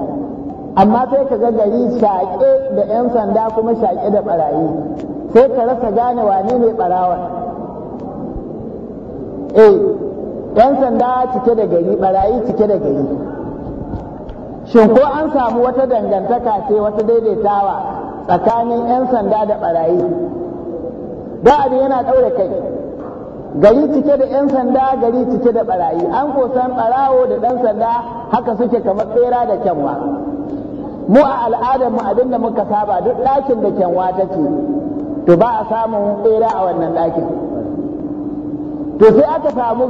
amma sai ka ga gari shaƙe da 'yan sanda kuma shaƙe da ɓarayi sai ka rasa gane wane ne ɓarawan eh 'yan sanda cike da gari ɓarayi cike da gari shin ko an samu wata dangantaka ce wata daidaitawa tsakanin 'yan sanda da ɓarayi da abin yana ɗaure kai gari cike da 'yan sanda gari cike da barayi an kosan barawo da ɗan sanda haka suke kamar tsera da kyanwa mu a al'adar mu abin da muka saba duk ɗakin da kyanwa take to ba a samun tsera a wannan ɗakin to sai aka samu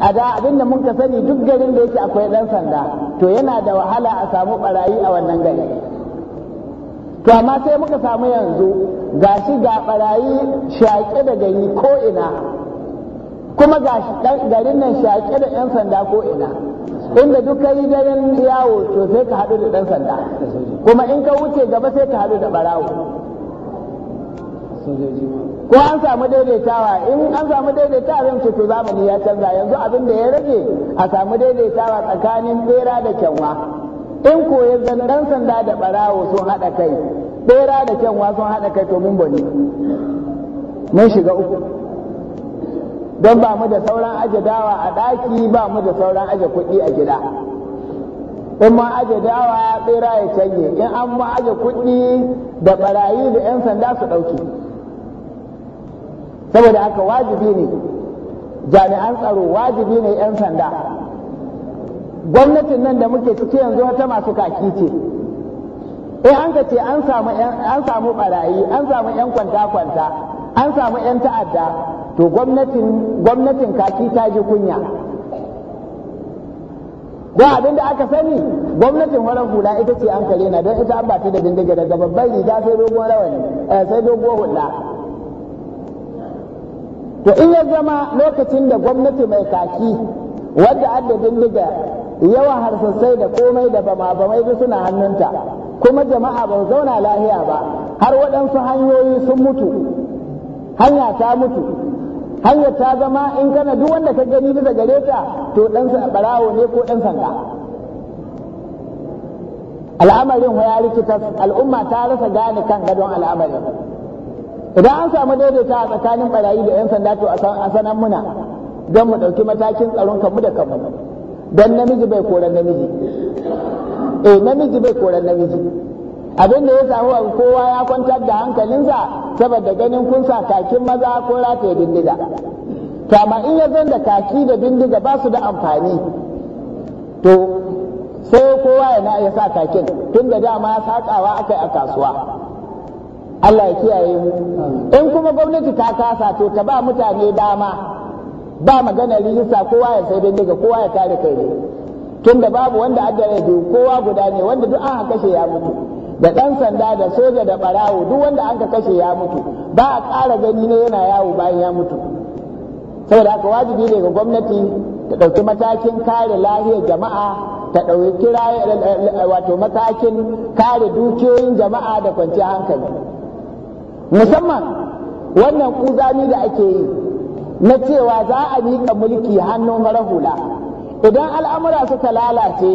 a da abin da muka sani duk garin da yake akwai ɗan sanda to yana da wahala a samu barayi a wannan gari to amma sai muka samu yanzu gashi ga barayi shaƙe da gari ko ina kuma gashi garin nan shaƙe da 'yan sanda ko inda duk kai daren yawo to sai ka haɗu da ɗan sanda kuma in ka wuce gaba sai ka haɗu da ɓarawo ko an samu daidaitawa in an samu daidaitawa zan ce zamani ya canza yanzu abin da ya rage a samu daidaitawa tsakanin bera da kyanwa in ko ya zan dan sanda da barawo sun haɗa kai bera da kyanwa sun haɗa kai to mun bane mun shiga uku don ba mu da sauran aje dawa a ɗaki ba mu da sauran aje kuɗi a gida in ma aje dawa bera ya canye in an ma aje kuɗi da barayi da 'yan sanda su ɗauki saboda haka wajibi ne jami'an tsaro wajibi ne 'yan sanda gwamnatin nan da muke ciki yanzu wata masu kaki ce eh an ka ce an samu an samu barayi an samu yan kwanta kwanta an samu yan ta'adda to gwamnatin gwamnatin kaki ta ji kunya da abin da aka sani gwamnatin farar hula ita ce an kare na don ita an bata da bindiga daga babban riga sai dogon rawani eh, sai dogon hula to in ya zama lokacin da gwamnati mai kaki wadda adda bindiga yawa harsassai da komai da bama bamai su suna hannunta kuma jama'a ba zauna lahiya ba har waɗansu hanyoyi sun mutu hanya ta mutu hanyar ta zama in kana duk wanda ka gani da gare ta to ɗan barawo ne ko ɗan sanda al'amarin ya rikita al'umma ta rasa gane kan gadon al'amarin idan an samu daidaita a tsakanin barayi da 'yan sanda to a sanan muna don mu ɗauki matakin tsaron kanmu da kanmu don namiji bai koran namiji eh namiji bai koran namiji abin da ya samu abu kowa ya kwantar da hankalinsa saboda ganin kun sa kakin maza ko rataye bindiga kama in ya zan da kaki da bindiga ba su da amfani to sai kowa ya na ya sa kakin tun da dama saƙawa aka yi a kasuwa Allah ya kiyaye mu in kuma gwamnati ta kasa to ta ba mutane dama ba magana rijista kowa ya sai daga kowa ya kare kai ne tunda babu wanda ya biyu kowa guda ne wanda duk an kashe ya mutu da ɗan sanda da soja da ɓarawo duk wanda an kashe ya mutu ba a ƙara gani ne yana yawo bayan ya mutu saboda haka wajibi ne ga gwamnati ta ɗauki matakin kare lahiyar jama'a ta ɗauki kira wato matakin kare dukiyoyin jama'a da kwanciyar hankali musamman wannan kuzami da ake yi na cewa za a miƙa mulki hannun hula idan al'amura suka lalace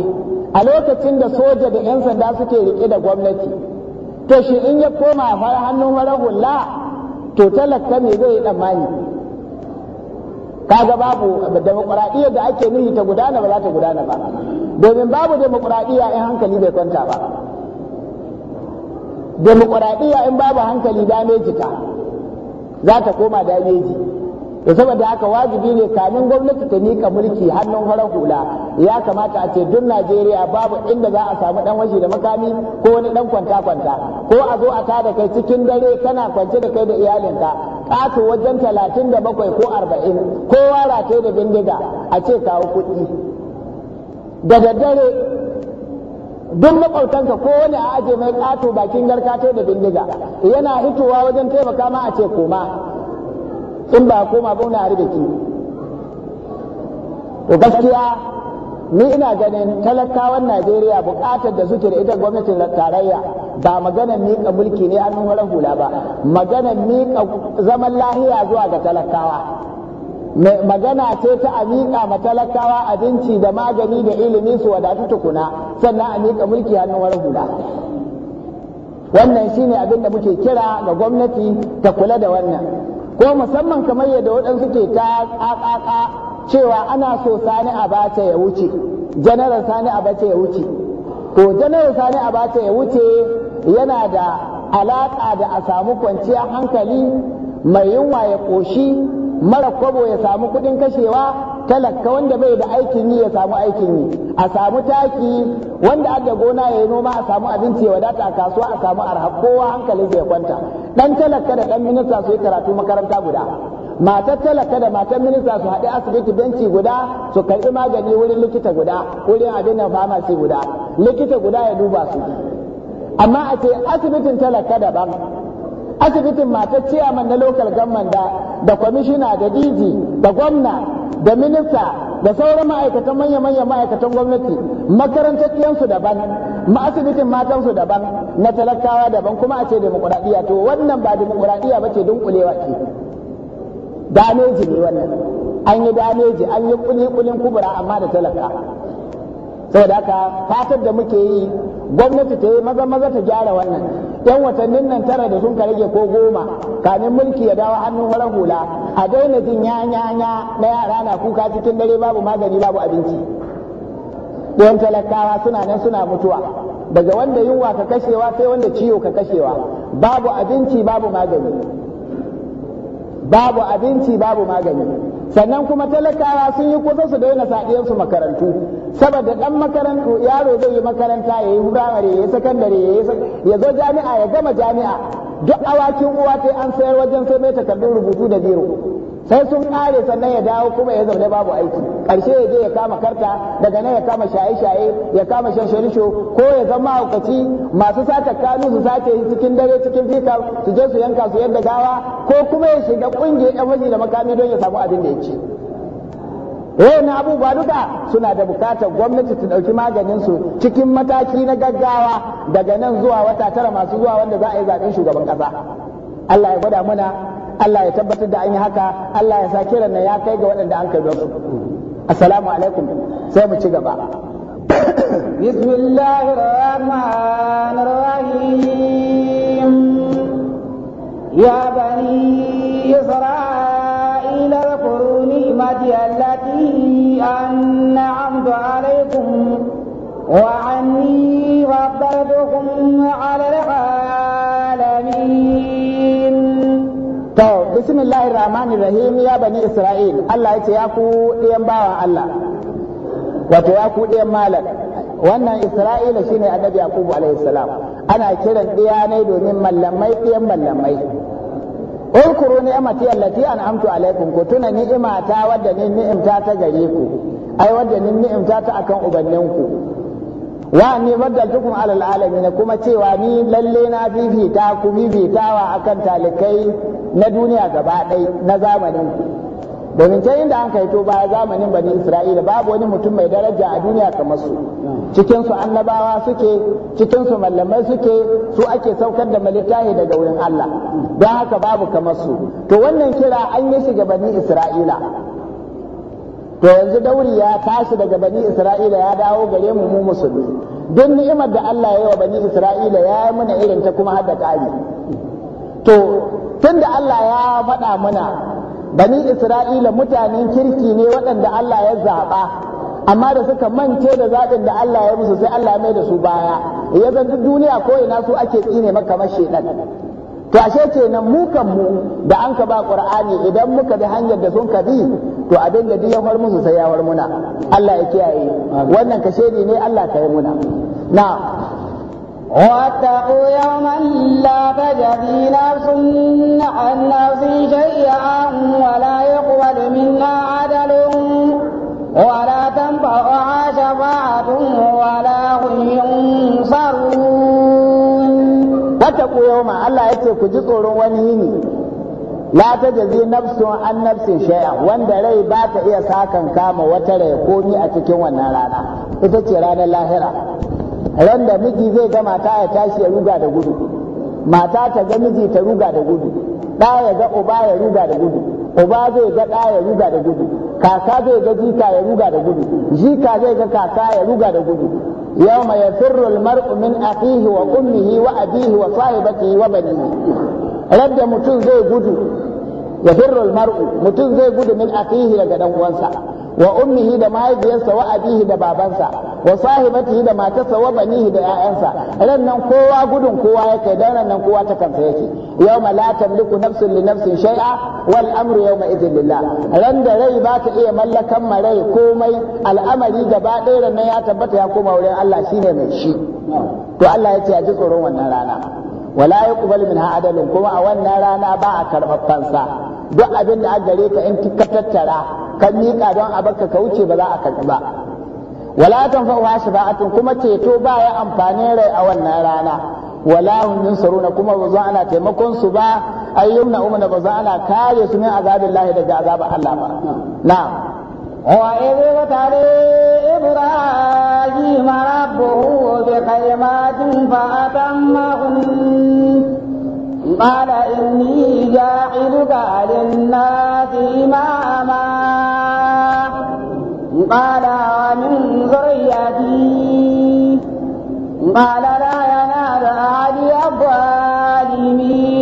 a lokacin da soja da 'yan sanda suke rike da gwamnati to shi in ya koma hannun hula to talaka me zai tsammani kaga babu demokuraɗiyyar da ake nuhi ta gudana ba za ta gudana ba domin babu demokuraɗiyya in hankali bai kwanta ba demokuraɗiyya in babu hankali dameji ta za ta koma dameji da saboda haka wajibi ne kamin gwamnati ta nika mulki hannun farar hula ya kamata a ce duk najeriya babu inda za a samu dan washi da makami ko wani dan kwanta kwanta ko a zo a da kai cikin dare kana kwance da kai da iyalinka kato wajen talatin da bakwai ko arba'in kowa rataye da bindiga a ce kawo kuɗi da daddare duk makwautanka ko wani a aje mai ƙato bakin garka da bindiga yana hitowa wajen taimaka ma a ce koma in ba koma ba wani harbe ki to gaskiya ni ina ganin talakawan Najeriya bukatar da suke da ita gwamnatin tarayya ba maganar miƙa mulki ne an wurin hula ba maganar miƙa zaman lahiya zuwa ga talakawa magana ce ta a ma talakawa abinci da magani da ilimi su wadatu tukuna sannan a mulki hannun wani hula wannan shine abin da muke kira ga gwamnati ta kula da wannan ko musamman kamar yadda waɗansu ke ta tsatsatsa cewa ana so sani bace ya wuce janaral sani bace ya wuce to janaral sani bace ya wuce yana da alaƙa da a samu kwanciyar hankali mai yunwa ya ƙoshi mara kwabo ya samu kuɗin kashewa talaka wanda bai da aikin yi ya samu aikin yi a samu taki wanda aka gona ya yi noma a samu abinci ya wadata a kasuwa a samu arha kowa hankalin ya kwanta dan talaka da dan minista su yi karatu makaranta guda matar talaka da matan minista su haɗe asibiti benci guda su karɓi magani wurin likita guda wurin abin da famasi guda likita guda ya duba su amma a ce asibitin talaka daban asibitin matar ciyaman na lokal government da da kwamishina da diji da gwamna da minista da sauran ma'aikatan manya-manyan ma'aikatan gwamnati makarantar daban ma'asibitin matansu daban na talakawa daban kuma a ce demokuraɗiyya to wannan ba demokuraɗiyya ba ce dunkulewa ce dameji ne wannan an yi dameji an yi kuli-kulin kubura amma da talaka saboda aka fatar da muke yi gwamnati ta yi maza maza ta gyara wannan yan watannin nan tara da sun ka rage ko goma kamin mulki ya dawo hannun wurin hula a daina jin yanya na yara na kuka cikin dare babu magani babu abinci don talakawa suna nan suna mutuwa daga wanda yunwa ka kashewa sai wanda ciwo ka kashewa babu abinci babu magani babu abinci babu magani sannan kuma talakawa sun yi kusa su daina sadiyarsu makarantu saboda ɗan makarantu yaro zai yi makaranta ya yi firamare ya yi sakandare ya zo jami'a ya gama jami'a duk awakin uwa ta an sayar wajen sai mai takardun rubutu da biro sai sun kare sannan ya dawo kuma ya zaune babu aiki ƙarshe ya je ya kama karta daga nan ya kama shaye-shaye ya kama shan ko ya zama mahaukaci masu sata kanu su sace cikin dare cikin fita su je su yanka su yadda gawa ko kuma ya shiga ƙungiyar yan waje da makami don ya samu abin da ya ci wayan abubuwa duka suna da bukatar gwamnati ta ɗauki maganin su cikin mataki na gaggawa daga nan zuwa wata tara masu zuwa wanda za a yi zaɓen shugaban ƙasa Allah ya gwada mana Allah ya tabbatar da an yi haka Allah ya sa kiran nan ya kai ga waɗanda an kai don su assalamu alaikum sai mu ci gaba bismillahir rahmanir rahim ya bani isra'il اذكروا نعمتي alaykum wa anni وعني فضلتكم على alamin To, bismillahir rahmanir rahim ya bani Isra'il, Allah yace ce ya ku ɗiyan bawan Allah, wato ya ku ɗiyan malam. Wannan Isra'ila shine annabi Yakubu alaihi salam. Ana kiran ne domin mallamai ɗiyan mallamai. Ulkuru amati allati an'amtu alaikum ku tuna ni'imata wadda ni ni'imta ta gare ku. Ai wadda ni ni'imta ta akan ubanninku. wa ne tukun alal na kuma cewa ni lalle na fifita ku a kan talikai na duniya gaba ɗai na zamanin domin ta inda an kaito baya zamanin bani isra'ila babu wani mutum mai daraja a duniya kamar su cikin annabawa suke cikin mallamai suke su ake saukar da malitahi daga wurin Allah don haka babu kamar su to wannan kira an yi shiga bani isra'ila to yanzu dauri ya tashi daga bani isra'ila ya dawo gare mu mu musulmi duk ni'imar da Allah ya yi wa bani isra'ila ya yi mana irin ta kuma har da ƙari to tunda Allah ya faɗa mana bani isra'ila mutanen kirki ne waɗanda Allah ya zaɓa amma da suka mance da zaɓin da Allah ya musu sai Allah ya mai da su baya ya zan duniya ko ina su ake tsine maka kamar to ashe nan mu da an ka ba qur'ani idan muka bi hanyar da sun ka bi to abin da duk ya far musu sai ya far muna Allah ya kiyaye wannan kashedi ne Allah ka yi muna na'am واتقوا يوما لا تجزي نفس عن نفس شيئا ولا يقبل منا عدل ولا تنفعها شفاعة ولا هم ينصرون fataku yawma Allah ya ce ku ji tsoron wani yini la ta jazi nafsun an nafsin shay'a wanda rai ba ta iya sakan kama wata rai ko ni a cikin wannan rana ita ce ranar lahira ran da miji zai ga mata ya tashi ya ruga da gudu mata ta ga miji ta ruga da gudu ɗa ya ga uba ya ruga da gudu uba zai ga ɗaya ya ruga da gudu kaka zai ga jika ya ruga da gudu jika zai ga kaka ya ruga da gudu يوم يفر المرء من أخيه وأمه وأبيه وصاحبته وبنيه ربي متون زي جدو يفر المرء متون زي جدو من أخيه لقد أنوان wa ummihi da mahaifiyarsa wa abihi da babansa wa sahibatihi da matarsa wa banihi da ƴaƴansa rannan kowa gudun kowa yake dan ran nan kowa ta kansa yake yawma la tamliku nafsun li nafsin shay'a wal amru yawma idhin lillah ran da rai ba ta iya mallakan ma rai komai al'amari gaba ɗaya da nan ya tabbata ya koma wurin Allah ne mai shi to Allah ya ce a ji tsoron wannan rana wala yuqbal minha adalun kuma a wannan rana ba a karɓar fansa duk abin da aka gare ka in ka tattara ka miƙa don a baka ka wuce ba za a karɓi ba wala wa shafa'atun kuma ceto ba ya amfanin rai a wannan rana wala hum yunsaruna kuma ba za ana taimakon su ba ayyumna umma ba za ana kare su min lahi daga azabin Allah ba na'am Wa Ibrahim ابتلي bi kalimatin fa atamma قال إني جاعلك للناس إماما قال ومن ذريتي قال لا ينال أحد الظالمين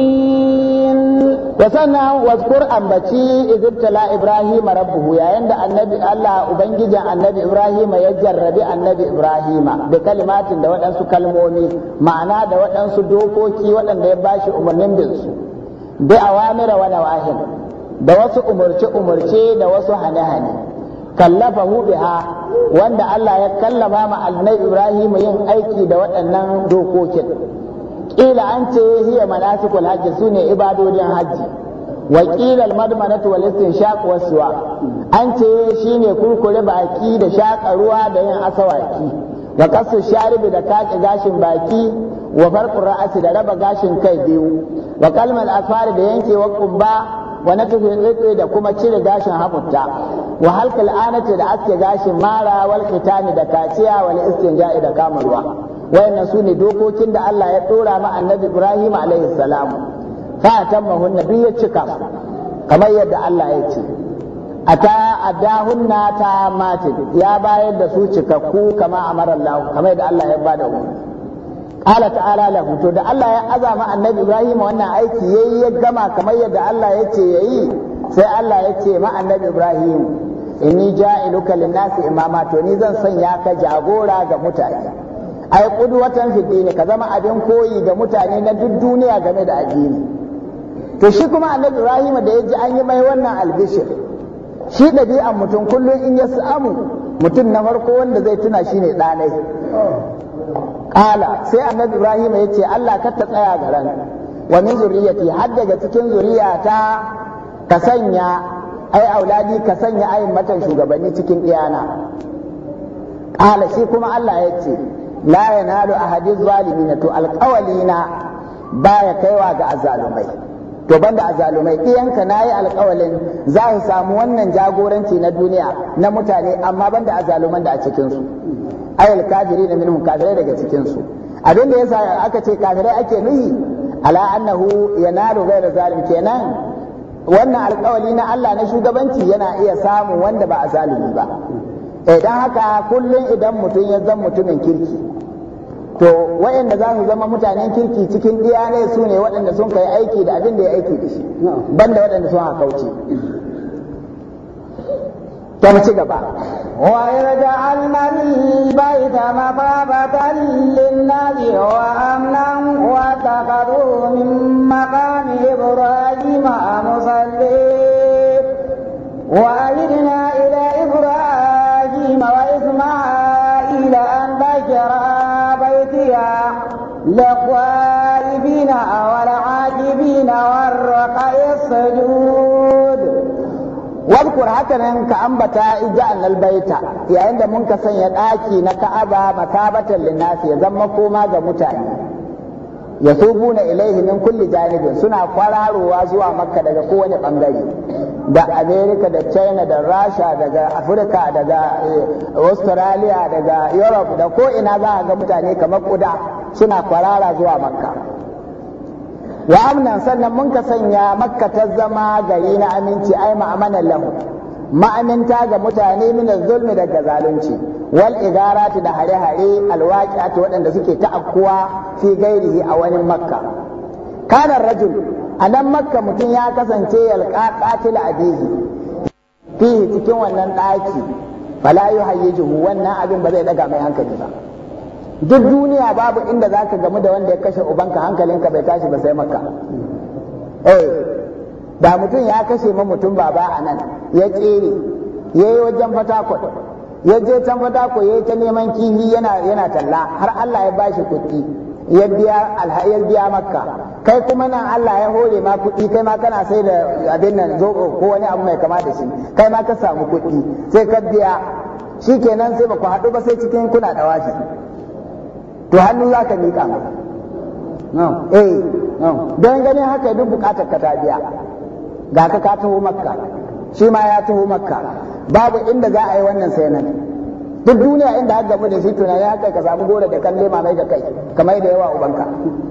da sannan waskur ambaci izibtala ibrahim rabbuhu yayin da annabi Allah ubangijin annabi ibrahim ya jarrabi annabi ibrahim da kalimatin da waɗansu kalmomi ma'ana da waɗansu dokoki waɗanda ya bashi umarnin bin su bi awamira wa nawahin da wasu umurce umurce da wasu hane hane kallafahu biha wanda Allah ya kallafa ma annabi ibrahim yin aiki da waɗannan dokokin kila an ce hiya manasikul hajji sune ibadodin hajji wa kila almadmanatu wal istinshaq waswa an ce shine kurkure baki da shaƙa ruwa da yin asawaki wa kasu sharibi da kaki gashin baki wa farqur ra'asi da raba gashin kai biyu wa kalmal asfari da yankewa kumba wa na tufin da kuma cire gashin hafutta wa halkal anati da aske gashin mara wal khitani da kaciya wal istinja'i da kamarwa wayannan su ne dokokin da Allah ya dora ma annabi Ibrahim alaihi salam fa tammahunna duk ya cika kamar yadda Allah ya ce ata adahunna ta matin ya bayar da su cikakku kama amara Allah kamar yadda Allah ya bada umarni qala ta'ala lahu to da Allah ya azama annabi Ibrahim wannan aiki yayi ya gama kamar yadda Allah ya ce yayi sai Allah ya ce ma annabi Ibrahim inni ja'iluka lin-nasi imama to ni zan sanya ka jagora ga mutane ai kudu watan dini ka zama abin koyi ga mutane na duk duniya game da addini to shi kuma annabi Ibrahim da ya ji an yi mai wannan albishir shi ɗabi'a mutum kullum in ya samu mutum na farko wanda zai tuna shine ne ɗanai ƙala sai annabi ibrahim ya ce allah kar ta tsaya ga ran wa min zuriyati har daga cikin zuriyata ka sanya ai auladi ka sanya ayin matan shugabanni cikin iyana ƙala shi kuma allah ya ce la yanalu ahadiz na, to na baya kaiwa ga azalumai to banda azalumai iyanka yi alƙawalin za su samu wannan jagoranci na duniya na mutane amma banda azaluman da a cikinsu su ayal kafiri na minhum kafirai daga cikinsu. abin da yasa aka ce kafirai ake nuhi ala annahu yanalu ghayra zalim kenan wannan alƙawali na Allah na shugabanci yana iya samun wanda ba azalumi ba idan eh, haka kullum idan mutum ya zama mutumin kirki to waɗanda za su zama mutanen kirki cikin ɗiya ne su ne waɗanda sun kai aiki da abin da ya aiki da shi banda waɗanda sun haka kauce to mu ci gaba ويجعلنا البيت مثابة للناس وأمنا واتخذوا من مقام إبراهيم مصلي وأجرنا شرى بيتها للطائفين والعاكفين والرقع السجود واذكر هكذا انك انبت جعلنا البيت يعني عند منك سيد داكي نكعب مكابة للناس يزمكو ماذا متعين yatubuna ilaihi min kulli janibin suna kwararowa zuwa makka daga kowane bangare da america da china da rasha daga afirka daga eh, australia daga europe da ko ina za a ga mutane kamar kuda suna kwarara zuwa makka wa amnan sannan mun ka sanya makka ta zama gari na aminci ai ma'amanan lahu ma'aminta ga mutane min zulmi daga zalunci wal idarati da hare-hare alwaqi'ati waɗanda suke ta'akkuwa fi gairihi a wani makka kana rajul a nan makka mutum ya kasance yalƙa qatil abihi fihi cikin wannan ɗaki fala yuhayyijuhu wannan abin ba zai daga mai hankali ba duk duniya babu inda zaka gamu da wanda ya kashe ubanka hankalinka bai tashi ba sai makka eh da mutum ya kashe ma mutum baba a nan ya tsere ya yi wajen fatakwal ya je can fatakwal ya yi ta neman kihi yana talla har Allah ya bashi kuɗi ya biya makka kai kuma nan Allah ya hore ma kuɗi kai ma kana sai da abin nan zoɓo ko wani abu mai kama da shi kai ma ka samu kuɗi sai ka biya shi kenan sai ba haɗu ba sai cikin kuna da washi to hannu za ka miƙa masa eh. don ganin haka duk buƙatar ka ta biya ga ka ka taho makka shi ma ya taho makka babu inda za a yi wannan sai nan duk duniya inda har gamu da shi ya kai ka samu gora da kalle ma mai da kai kamar da yawa ubanka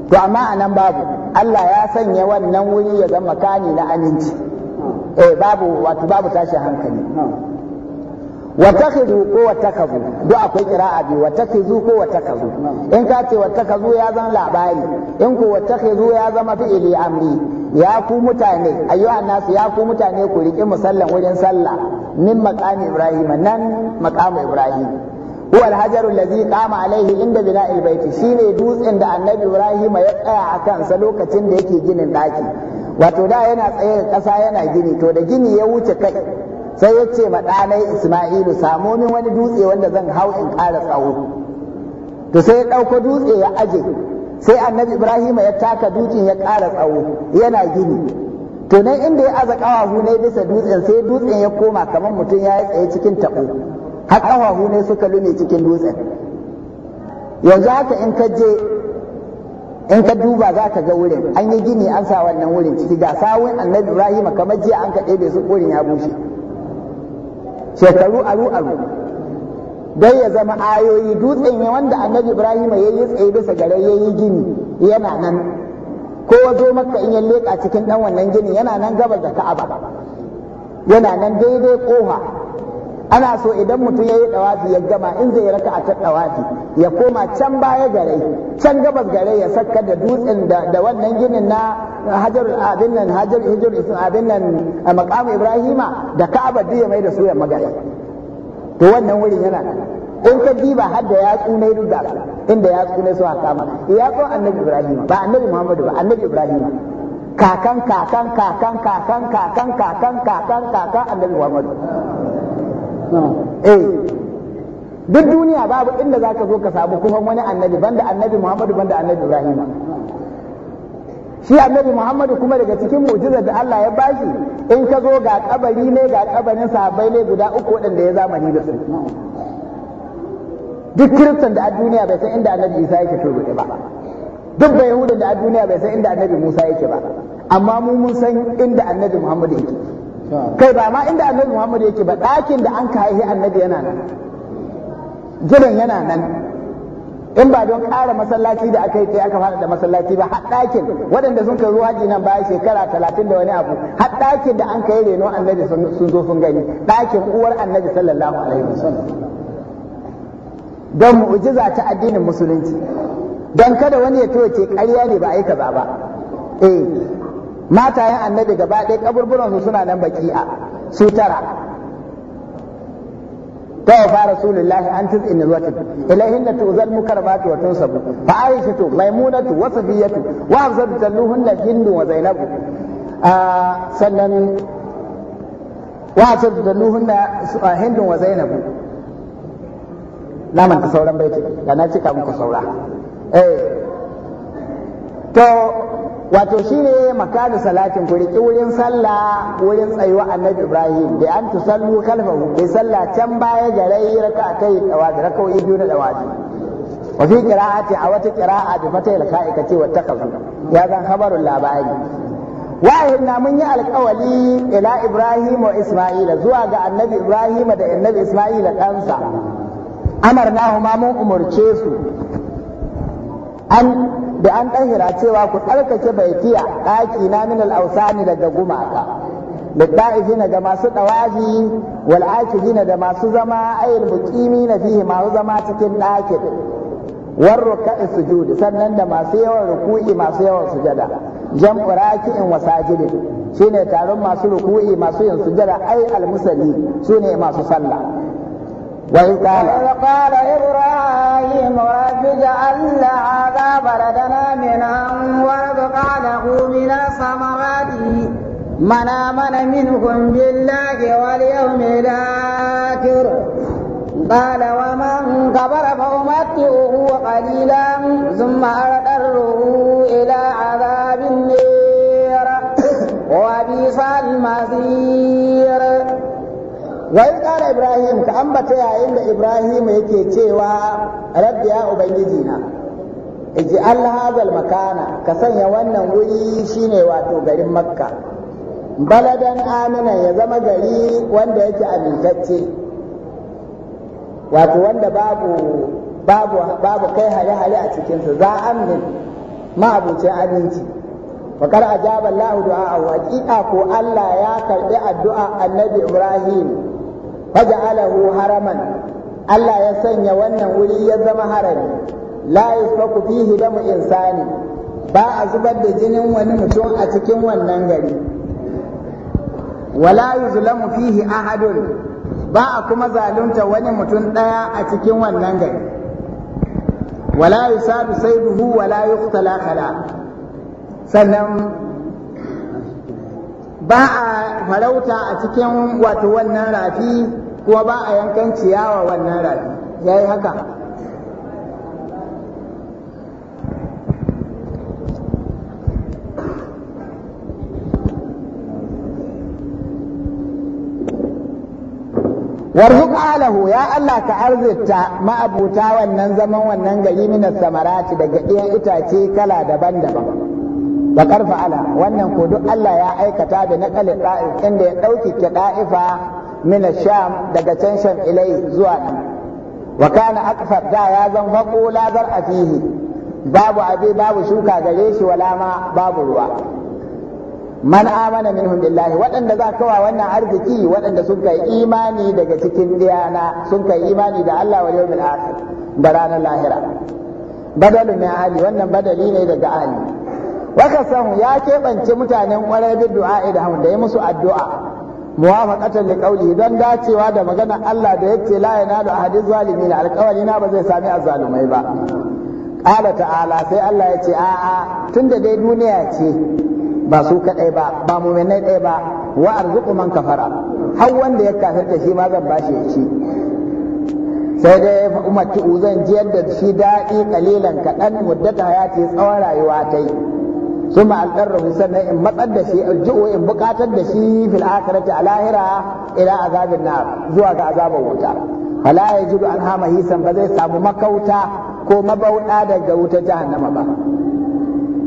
to amma a nan babu Allah ya sanya wannan wuri ya zama kani na aminci eh babu wato babu tashin hankali watakhizu ko watakazu duk akwai qira'a bi watakhizu ko watakazu in ka ce watakazu ya zama labari in ko watakhizu ya zama fi'ili amri ya ku mutane ayu nasu ya ku mutane ku riƙe musallan wurin sallah min maqami ibrahim nan maqamu ibrahim huwa alhajaru alladhi qama alaihi inda bina'il baiti shine dutsen da annabi ibrahim ya tsaya a kansa lokacin da yake ginin daki wato da yana tsaye kasa yana gini to da gini ya wuce kai sai ya ce ɗanai isma'ilu samo min wani dutse wanda zan hau in ƙara tsawo to sai ya ɗauko dutse ya aje sai annabi ibrahim ya taka dutsen ya ƙara tsawo yana gini to nan inda ya aza ƙawahu ne bisa dutsen sai dutsen ya koma kamar mutum ya yi tsaye cikin taɓo har ƙawahu ne suka lume cikin dutsen yanzu haka in ka je in ka duba za ka ga wurin an yi gini an sa wannan wurin ciki ga sawun annabi ibrahim kamar jiya an ka ɗebe su ƙorin ya bushe shekaru aru aru dai ya zama ayoyi dutsen ne wanda annabi ibrahim ya yi tsaye bisa gare ya yi gini yana nan ko wazo maka in ya leka cikin ɗan wannan gini yana nan gabar da ka'aba yana nan daidai kofa ana so idan mutum ya yi dawafi ya gama in zai raka a ta dawafi ya koma can baya gare can gabas gare ya saka da dutsen da wannan ginin na hajar abin nan hajar hijir isin abin nan maqam ibrahima da ka'aba duk ya mai da su ya magare to wannan wurin yana nan in ka diba har da yatsu na duk da inda yatsu ne su kama yatsu annabi ibrahima ba annabi muhammadu ba annabi ibrahima kakan kakan kakan kakan kakan kakan kakan kakan annabi muhammadu Eh, duk duniya babu inda zaka zo ka samu kuma wani annabi banda annabi Muhammadu banda annabi Ibrahim shi annabi Muhammadu kuma daga cikin mu'jizar da Allah ya bashi in ka zo ga kabari ne ga kabarin sahabbai ne guda uku waɗanda ya zamani da su duk kiristan da a duniya bai san inda annabi Isa yake turbuɗe ba duk bai yahudan da a duniya bai san inda annabi Musa yake ba amma mu mun san inda annabi Muhammadu yake kai ba ma inda annabi Muhammad yake ba ɗakin da an kai annabi yana nan gidan yana nan in ba don ƙara masallaci da aka yi aka fada da masallaci ba har ɗakin waɗanda sun kai ruwa nan baya shekara talatin da wani abu har ɗakin da an kai reno annabi sun zo sun gani ɗakin uwar annabi sallallahu alaihi wasallam don mu'jiza ta addinin musulunci don kada wani ya ce ƙarya ne ba a yi kaza ba eh mata yin annabi gaba ɗaya kaburburan su suna nan baki a su tara ta wa fara sulullahi an tuz inna zuwa tafi ilahin da tuzal mukarbatu wa tunsabu fa aisha tu maimunatu wa safiyatu wa hafsa da talluhun da jindu wa zainabu ah, sannan wa hafsa da talluhun da ah, hindun wa zainabu na manta sauran baiti da na cika muku saura eh. to wato shine makanu salatin ku riki wurin sallah wurin tsayuwa annabi ibrahim da an tusallu kalfahu bi sallah can baya kai raka'atai raka raka'o'i biyu na dawaji wa fi qira'ati a wata qira'a bi fatayil ka'ikati wa takazu ya zan khabarul labari wahin na mun yi alkawali ila ibrahim wa isma'ila zuwa ga annabi ibrahim da annabi isma'ila kansa amarnahuma mun umurce su an da an ɗahira cewa ku tsarkake baitiya ɗaki na min al'ausani daga gumaka litta'ifina da masu ɗawafi wal akidina da masu zama ayil muqimi na fihi masu zama cikin ɗakin war ruka'i sujud sannan da masu yawan ruku'i masu yawan sujada jam'u raki'in wa sajidin shine taron masu ruku'i masu yin sujada ai al musalli sune masu sallah وإن قال قال إبراهيم رب اجعل هذا بلدنا من وابقى له من الثمرات من آمن منهم بالله واليوم الآخر قال ومن كبر فأمتعه قليلا ثم أضطره إلى عذاب النير وبئس المصير wai kala ibrahim ka ambata yayin da ibrahim yake cewa rabbi ya ubangiji na iji allah hazal makana ka sanya wannan wuri shine wato garin makka baladan aminan ya zama gari wanda yake amintacce wato wanda babu babu babu kai hale-hale a cikinsa za amin ma'abucin aminci fakar ajaba Allah du'a haƙiƙa ko Allah ya karɓi addu'a annabi Ibrahim faj'alahu haraman Allah ya sanya wannan wuri ya zama harami la yusfaku fihi damu insani ba a zubar da jinin wani mutum a cikin wannan gari wala yuzlamu fihi ahadun ba a kuma zalunta wani mutum ɗaya a cikin wannan gari wala yusabu sayduhu wala yuqtala khala sannan ba a farauta a cikin wato wannan rafi Kuwa ba a yankan ciyawa wannan rafi ya yi haka warzu alahu ya Allah ka arzikta ma'abuta wannan zaman wannan gari mina samarati daga iya itace kala daban-daban da fa'ala. wannan ko duk Allah ya aikata da na da'if inda ya ɗauki ɗa'ifa. min sham daga can shan ilai zuwa nan wa kana akfar da ya zan faqo la zar'a babu abi babu shuka gare shi wala ma babu ruwa man amana minhum billahi waɗanda za kawa wannan arziki waɗanda sun kai imani daga cikin diyana sun kai imani da Allah wal yawmil akhir da ranar lahira badalun min ahli wannan badali ne daga ahli waka ya keɓance mutanen ƙwarai bi du'a da da ya musu addu'a muwafaqatan li qawli don dacewa da magana Allah da yace la yanalu ahadiz na alqawli na ba zai sami azalumai ba qala ta'ala sai Allah yace a a tunda dai duniya ce ba su kadai ba ba mu'minai dai ba wa arzuqu man kafara har wanda ya da shi ma zan bashi shi sai dai umarci zan jiyar da shi daɗi kalilan kaɗan muddata hayati tsawon rayuwa tai. sun ma'alƙarrahu sannan in matsar da shi alji'u in buƙatar da shi fil a lahira a azabin na zuwa ga azabar wuta fala jiru an hama hisan ba zai samu makauta ko mabauɗa daga ta jahannama ba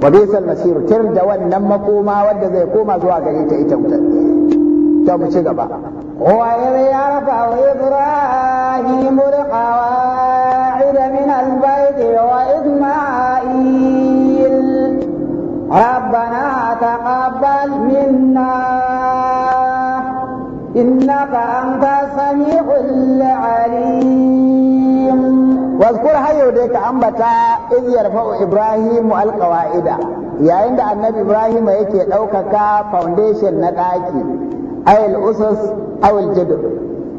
wa bisal masir tir da wannan makoma wadda zai koma zuwa gari ta ita wuta ta mu gaba wa ربنا تقبل منا إنك أنت السميع العليم واذكر هاي وديك أنبتا إذ يرفع إبراهيم القواعد yayin da annabi Ibrahim yake ɗaukaka foundation na ɗaki ayil usus awil jadu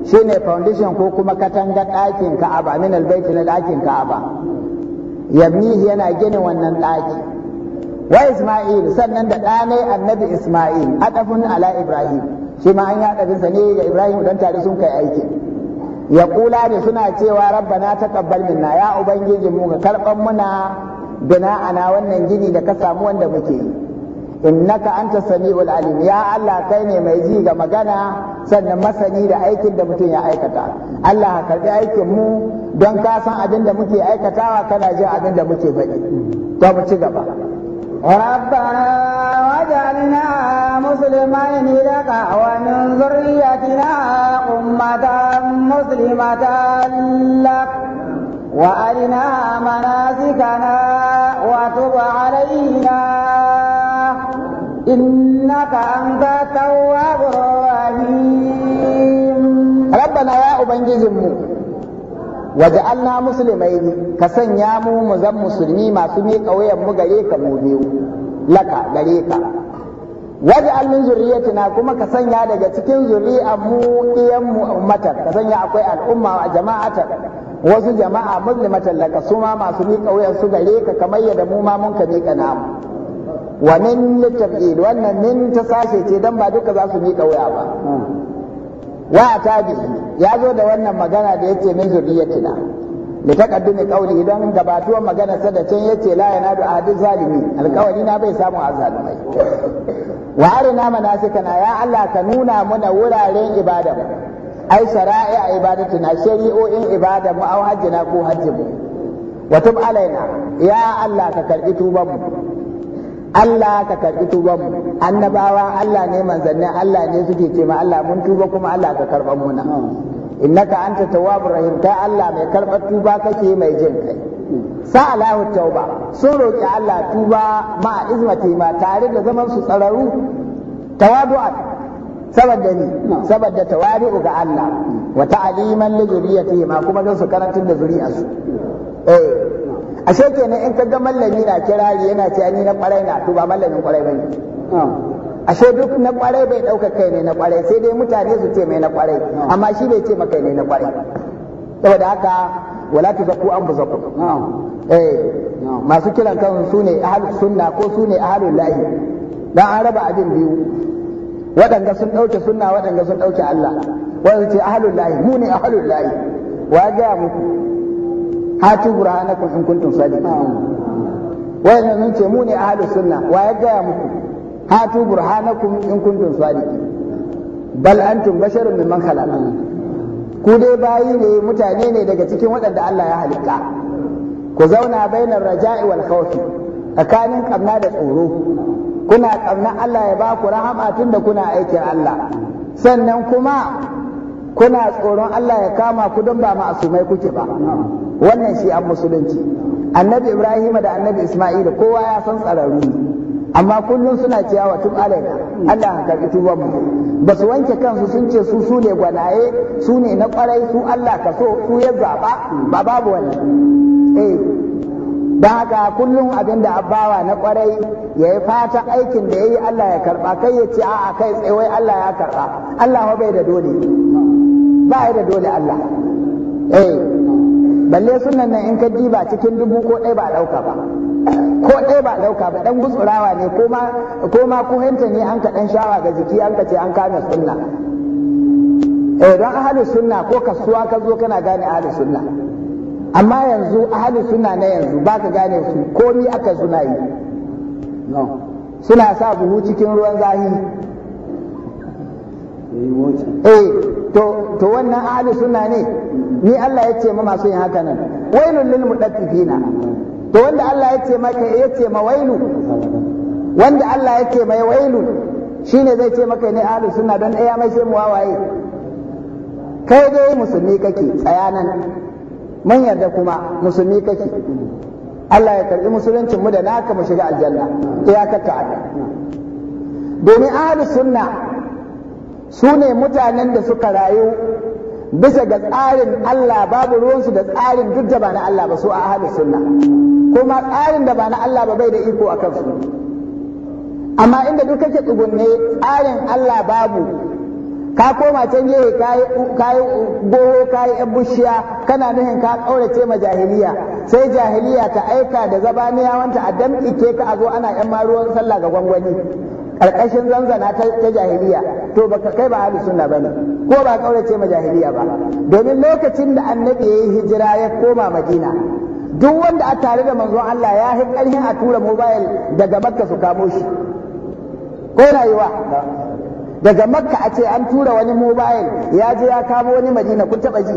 shine foundation ko kuma katangar ɗakin ka'aba min albaiti na ɗakin ka'aba yabnihi yana ginin wannan ɗaki wa Isma'il sannan da ɗanai annabi Isma'il adafun ala Ibrahim shi ma an yi sa ne ga Ibrahim don tare sun kai aiki ya kula da suna cewa rabba rabbana taqabbal minna ya ubangiji mu ga karban muna bina ana wannan gini da ka samu wanda muke yi innaka anta sami'ul alim ya Allah kai ne mai ji ga magana sannan masani da aikin da mutum ya aikata Allah ka karbi aikin mu don ka san abin da muke aikatawa kana jin abin da muke faɗi to mu ci gaba ربنا واجعلنا مسلمين لك ومن ذريتنا أمة مسلمة لك وأرنا مناسكنا وتب علينا إنك أنت التواب الرحيم ربنا يا أبنجزمو waje na musulmai ka sanya mu mu zan musulmi masu miƙa wayan mu gare ka mu biyu laka gare ka waje allin zuriyatina kuma ka sanya daga cikin zuri'an mu iyan mu ummata ka sanya akwai al'umma a jama'ata wasu jama'a muslimata laka su ma masu miƙa wayan su gare ka kamar yadda mu ma mun ka miƙa namu wa min litab'id wannan min ta sashe ce dan ba duka za su miƙa waya ba wa atabi ya zo da wannan magana da yace min zuriyatina da taqaddumi qawli idan gabatuwar magana sa da can yace la da ahadi zalimi alƙawari na bai samu azalumai wa arina manasikana ya Allah ka nuna muna wuraren ibada ai shara'i ibadatina shari'o'in ibada mu au hajjina ko hajjimu wa tub alaina ya Allah ka karbi tuban mu Allah ka karbi tuban mu annabawa Allah ne manzannin Allah ne suke ce ma Allah mun tuba kuma Allah ka karba na. innaka anta tawwabur rahim ta Allah mai karbar tuba kake mai jin kai sa'alahu tauba sun roki Allah tuba ma izmati ma tare da zaman su tsararu tawadu'a saboda ni saboda tawadu ga Allah wa ta'aliman li zuriyatihi ma kuma don su karantar da zuriyarsu eh ashe kenan in ka ga mallami na kirari yana ce ni na kwarai na to ba mallamin kwarai bane ashe duk na kwarai bai dauka kai ne na kwarai sai dai mutane su ce mai na kwarai amma shi bai ce maka ne na kwarai saboda haka wala ta zaku an buzaku eh masu kiran kan su ne ahlus sunna ko su ne ahlul lahi dan an raba abin biyu waɗanda sun ɗauke sunna waɗanda sun ɗauke Allah wanda ce ahlul lahi mu ne ahlul lahi wa ga muku hatu burhanakum in kuntum sadiqin wai mun ce mu ne ahli sunna wa ya gaya muku hatu burhanakum in kuntum sadiqin bal antum basharun mimman khalaqa ku dai bayi ne mutane ne daga cikin waɗanda Allah ya halitta ku zauna bainar raja'i wal khawfi tsakanin kamna da tsoro kuna kamna Allah ya ba ku rahama tunda kuna aikin Allah sannan kuma kuna tsoron Allah ya kama ku don ba ma'asumai kuke ba wannan shi an musulunci annabi ibrahim da annabi isma'ila kowa ya san tsararru amma kullum suna cewa wa tun alaina Allah ka karbi tuban mu ba su wanke kansu sun ce su su ne gwanaye su ne na kwarai su Allah ka so su ya zaba ba babu wani eh don haka kullum abin da abawa na kwarai ya yi fata aikin da ya yi Allah ya karba kai ya ce a'a kai wai Allah ya karba Allah bai da dole ba ya da dole Allah eh balle sunan nan in ka diba cikin dubu ko ɗaya ba ɗauka ba ko ɗaya ba ɗauka ba ɗan gutsurawa ne ko ma ko ma ne an ka ɗan shawa ga jiki an ka ce an kame sunna eh don ahalu sunna ko kasuwa ka zo kana gane ahalu sunna amma yanzu ahalu sunna na yanzu ba ka gane su komi aka suna yi suna sa buhu cikin ruwan zahi Eh, eh to to wannan ahli sunna ne ni Allah ya ce ma masu yin haka nan wailul lil mudaffifina to wanda Allah ya ce maka ya ce ma wailu wanda Allah ya ce mai wailu shine zai ce maka ne ahli sunna don ɗaya mai sai mu wawaye kai dai musulmi kake tsaya nan mun yarda kuma musulmi kake Allah ya karbi musuluncin mu da naka mu shiga aljanna iyakar ta'ala domin ahli sunna su ne mutanen da suka rayu bisa ga tsarin Allah babu ruwansu da tsarin duk da ba na Allah ba su a ahalus sunna kuma tsarin da ba na Allah ba bai da iko a kansu. amma inda duk kake tsugunne tsarin Allah babu ka koma can gehe kayi kayi goho kayi yan bushiya kana nuhin ka kaurace ma jahiliya sai jahiliya ta aika da zabaniya wanta a damƙike ka a zo ana yan maruwan sallah ga gwangwani karkashin zanzana ta jahiliya to ka kai ba ahlus sunna ne ko ba kaurace ma jahiliya ba domin lokacin da annabi yayi hijira ya koma madina duk wanda a tare da manzon Allah ya yi karhin a tura mobile daga makka su kamo shi ko rayuwa daga makka a ce an tura wani mobile ya je ya kamo wani madina kun taba ji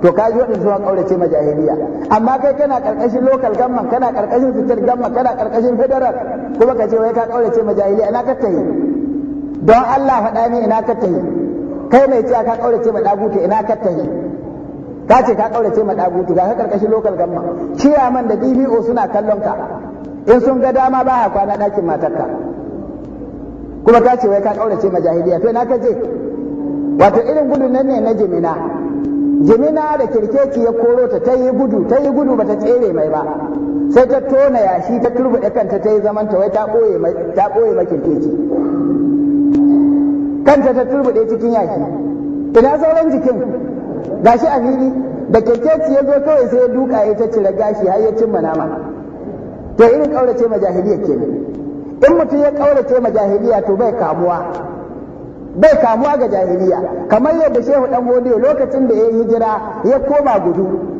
to ka ji waɗansu an ƙaurace ma jahiliya amma kai kana ƙarƙashin local government kana ƙarƙashin sitar gamman kana ƙarƙashin federal kuma ka ce wai ka kaurace ma jahiliya ina ka tahi don Allah faɗa min ina ka tahi kai mai cewa ka kaurace ma dagutu ina ka tahi ka ce ka kaurace ma dagutu ga ka karkashin local gamma ciyaman da DBO suna kallon ka in sun ga dama baya kwana ɗakin matarka kuma ka ce wai ka kaurace ma jahiliya to ina ka je wato irin gudun nan ne na jimina jimina da kirkeci ya koro ta ta yi gudu ta yi gudu bata tsere mai ba sai ta tona yashi ta turbuɗe kanta ta yi zaman ta wai ta ɓoye makin teci kanta ta turbuɗe cikin yashi ina sauran jikin gashi a fili da kyakkyaci ya zo kawai sai ya duka ya ta cire gashi har ya cimma nama to irin ƙaurace ma jahiliya ne? in mutum ya ƙaurace ma to bai kamuwa bai kamuwa ga jahiliya kamar yadda shehu ɗan godiyo lokacin da ya yi hijira ya koma gudu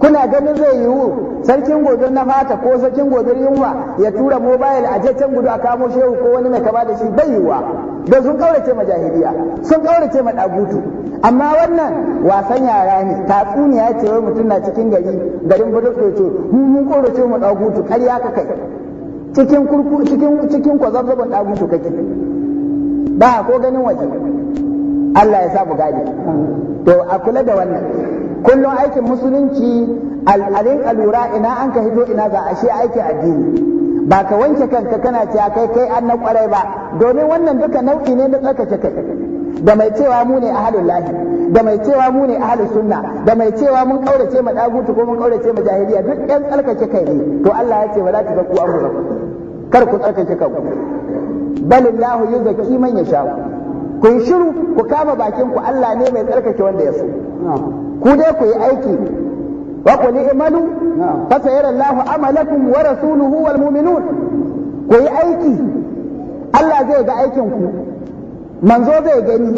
kuna ganin zai yiwu sarkin gobe na fata ko sarkin gobe yunwa ya tura mobile a can gudu a kamo shehu ko wani mai kama da shi bai yiwuwa da sun kaurace ma jahiliya sun kaurace ma dagutu amma wannan wasan yara ne tatsuniya ce wai mutum na cikin gari garin budurku ya ce mun kaurace ma dagutu karya ka kai cikin kurku cikin cikin kwazabzaban dagutu kake ba ko ganin waje Allah ya sa mu to a kula da wannan kullum aikin musulunci al'arin alura ina an ka hito ina ga ashe aikin addini ba ka wanke kanka kana cewa kai kai an na kwarai ba domin wannan duka nau'i ne na tsakace kai da mai cewa mu ne ahalul lahi da mai cewa mu ne halin sunna da mai cewa mun kaurace ma dagutu ko mun kaurace ma jahiliya duk yan tsarkake kai ne to Allah ya ce za ta zaku kar ku tsarkake kanku balillahu man yasha ku shiru ku kama bakin ku Allah ne mai tsarkake wanda ya so ku dai ku yi aiki wa qul i'malu fa sayara Allahu amalakum wa rasuluhu wal mu'minun ku yi aiki Allah zai ga aikin ku manzo zai gani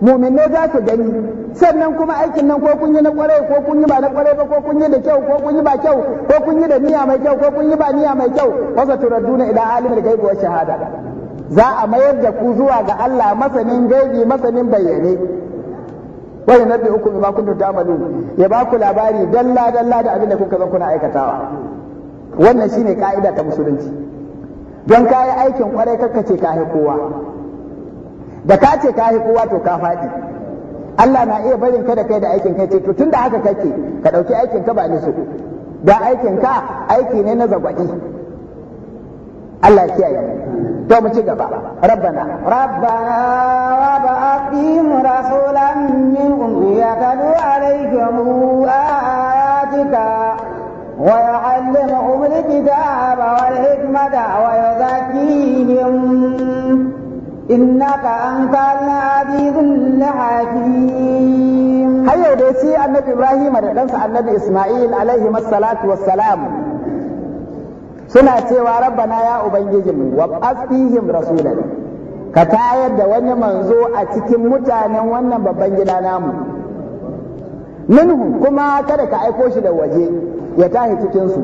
mu'minai za su gani sannan kuma aikin nan ko kun yi na kwarai ko kun yi ba na kwarai ba ko kun yi da kyau ko kun yi ba kyau ko kun yi da niyya mai kyau ko kun yi ba niyya mai kyau wasa turadduna ila alimul ghaibi wa shahada za a mayar da ku zuwa ga Allah masanin gaibi masanin bayyane wa yunabbi'ukum bima kuntum ta'malun ya ba ku labari dalla dalla da abin da kuka zan kuna aikatawa wannan shine ka'ida ta musulunci don ka yi aikin kwarai kakkace ka kowa da ka ce ka kowa to ka faɗi Allah na iya barin ka da kai da aikin kai ce to tunda haka kake ka dauki aikin ka ba ni so da aikin ka aiki ne na zagwaɗi Allah kiyaye to mu ci gaba rabbana rabbana wa ba'im rasul ويعلمهم الكتاب والحكمة ويزكيهم إنك أنت العزيز الحكيم هيا ديسي النبي إبراهيم رئيسا النبي إسماعيل عليه الصلاة والسلام suna cewa rabbana ya ubangijinmu wa asfihim rasulan ka tayar da wani manzo a cikin mutanen wannan babban gida namu minhu kuma kada ka aiko shi da waje ya tahi cikinsu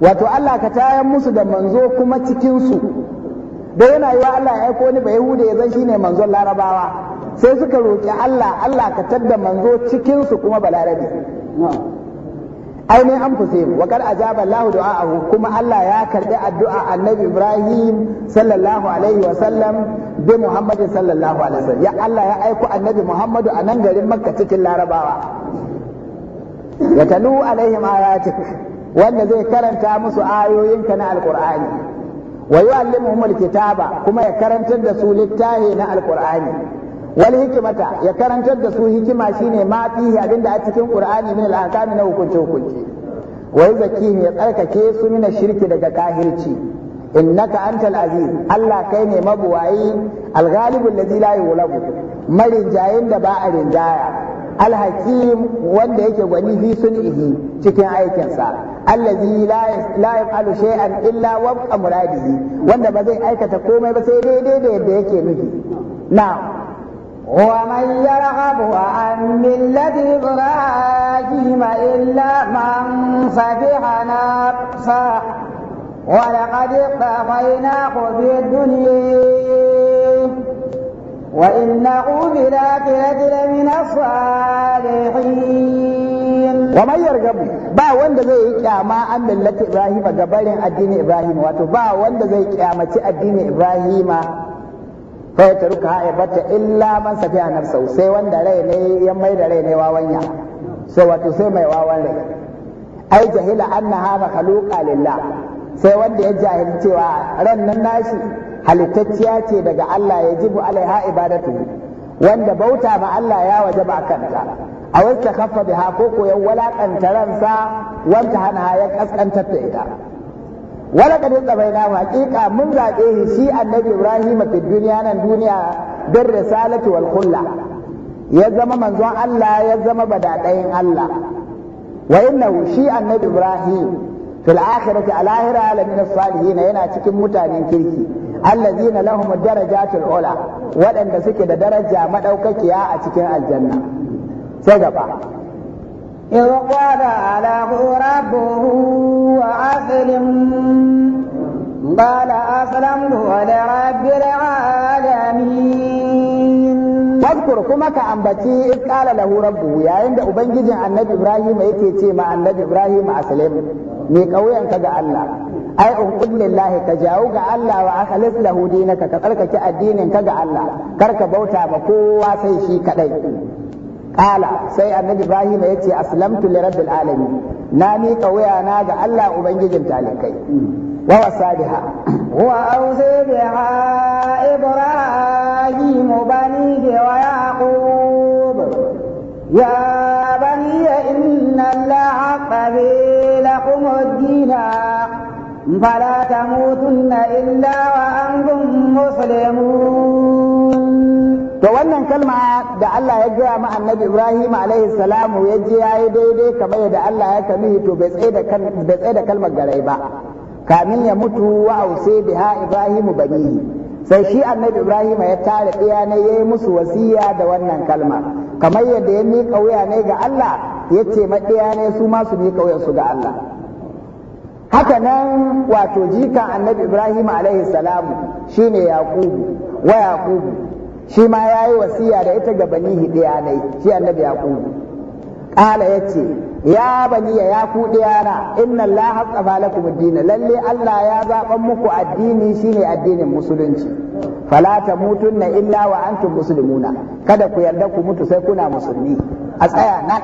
wato Allah ka tayar musu da manzo kuma cikinsu da yana yiwa Allah ya aiko ni bai hude ya zan shine manzon larabawa sai suka roƙi Allah Allah ka tadda manzo cikinsu kuma Ai ainihin an fuse wa kar ajaba Allahu du'a'ahu kuma Allah ya karbi addu'a Annabi Ibrahim sallallahu alaihi wa sallam bi Muhammadin sallallahu alaihi wa sallam ya Allah ya aiko Annabi Muhammadu a nan garin Makka cikin Larabawa ya talu alaihim ayatik wanda zai karanta musu ayoyinka na alqur'ani wa yu'allimuhum alkitaba kuma ya karantar da su littafi na alqur'ani wal hikimata ya karantar da su hikima shine ma fihi abinda a cikin qur'ani min al na hukunce hukunce wa yuzakkihim ya tsarkake su min shirki daga kahirci innaka antal aziz Allah kai ne mabuwayi alghalibul ghalibul ladzi la yughlabu marinjayin da ba a rinjaya alhakim wanda yake gwani fi sun'ihi cikin aikinsa allazi la yaf'alu shay'an illa wabqa muradihi wanda ba zai aikata komai ba sai daidai da yadda yake nufi na ومن يرغب عن ملة إبراهيم إلا من سفح نفسه ولقد اصطفيناه في الدنيا وإنه بالآخرة لمن الصالحين ومن يرغب ba wanda zai yi kyama an millati ibrahima ga barin addinin ibrahim wato ba wanda zai kyamaci addinin ibrahima fa ya taruka ha ibata illa man safiya nafsa sai wanda rai ne ya mai da rai ne wawanya so wato sai mai wawan rai ai jahila annaha makhluqa lillah sai wanda ya jahilcewa ran nan nashi halittacciya ce daga Allah ya jibu alaiha ibadatu wanda bauta ma Allah ya waje ba kanta a wacce kafa biha ko ko ya walakanta ransa wanda hana ya kaskantar da ita wala kadin tsabaina haƙiƙa mun zaɓe shi shi annabi Ibrahim fi duniya nan duniya bin risalati wal khulla ya zama manzon Allah ya zama badadayin Allah wa innahu shi annabi Ibrahim fil akhirati al-ahira alamin salihin yana cikin mutanen kirki allazina lahum darajatul ola, waɗanda suke da daraja maɗaukakiya a cikin aljanna sai gaba yuqada ala rabbuhu wa aslim qala aslamtu li rabbil alamin fadkur kuma ka ambaci qala lahu rabbuhu yayin da ubangijin annabi ibrahim yake ce ma annabi ibrahim aslim ne ƙauyenka ga allah ai uqud lillahi ka jawo ga Allah wa akhlis lahu dinaka ka tsarkake addinin ka ga Allah kar ka bauta ba kowa sai shi kadai qala sai annabi Ibrahim ya ce aslamtu li rabbil alamin na miƙa wuya na ga Allah ubangijin talikai wa wasabiha wa awsi biha ibrahim bani wa yaqub ya bani inna allaha qabila qumud dinaka dina فلا تموتن إلا وأنتم مسلمون to wannan kalma da Allah ya gaya ma annabi Ibrahim alaihi salamu ya je ya yi daidai kamar yadda Allah ya kani to bai tsaye da kalmar garai ba kamin ya mutu wa ause biha Ibrahim bani. sai shi annabi Ibrahim ya tare ɗaya ne ya yi musu wasiya da wannan kalma kamar yadda ya miƙa wuya ne ga Allah ya ce maɗiya ne su ma su miƙa ga Allah haka nan wato jika annabi ibrahim alaihi salamu shine yaqubu wa yaqubu shi ma yayi wasiya da ita ga banihi diyanai shi annabi yaqubu qala yace ya bani ya ku diyana inna allaha tsafa lakum ad-din lalle allah ya zaɓan muku addini shine addinin musulunci fala tamutunna illa wa antum muslimuna kada ku yarda ku mutu sai kuna musulmi a tsaya na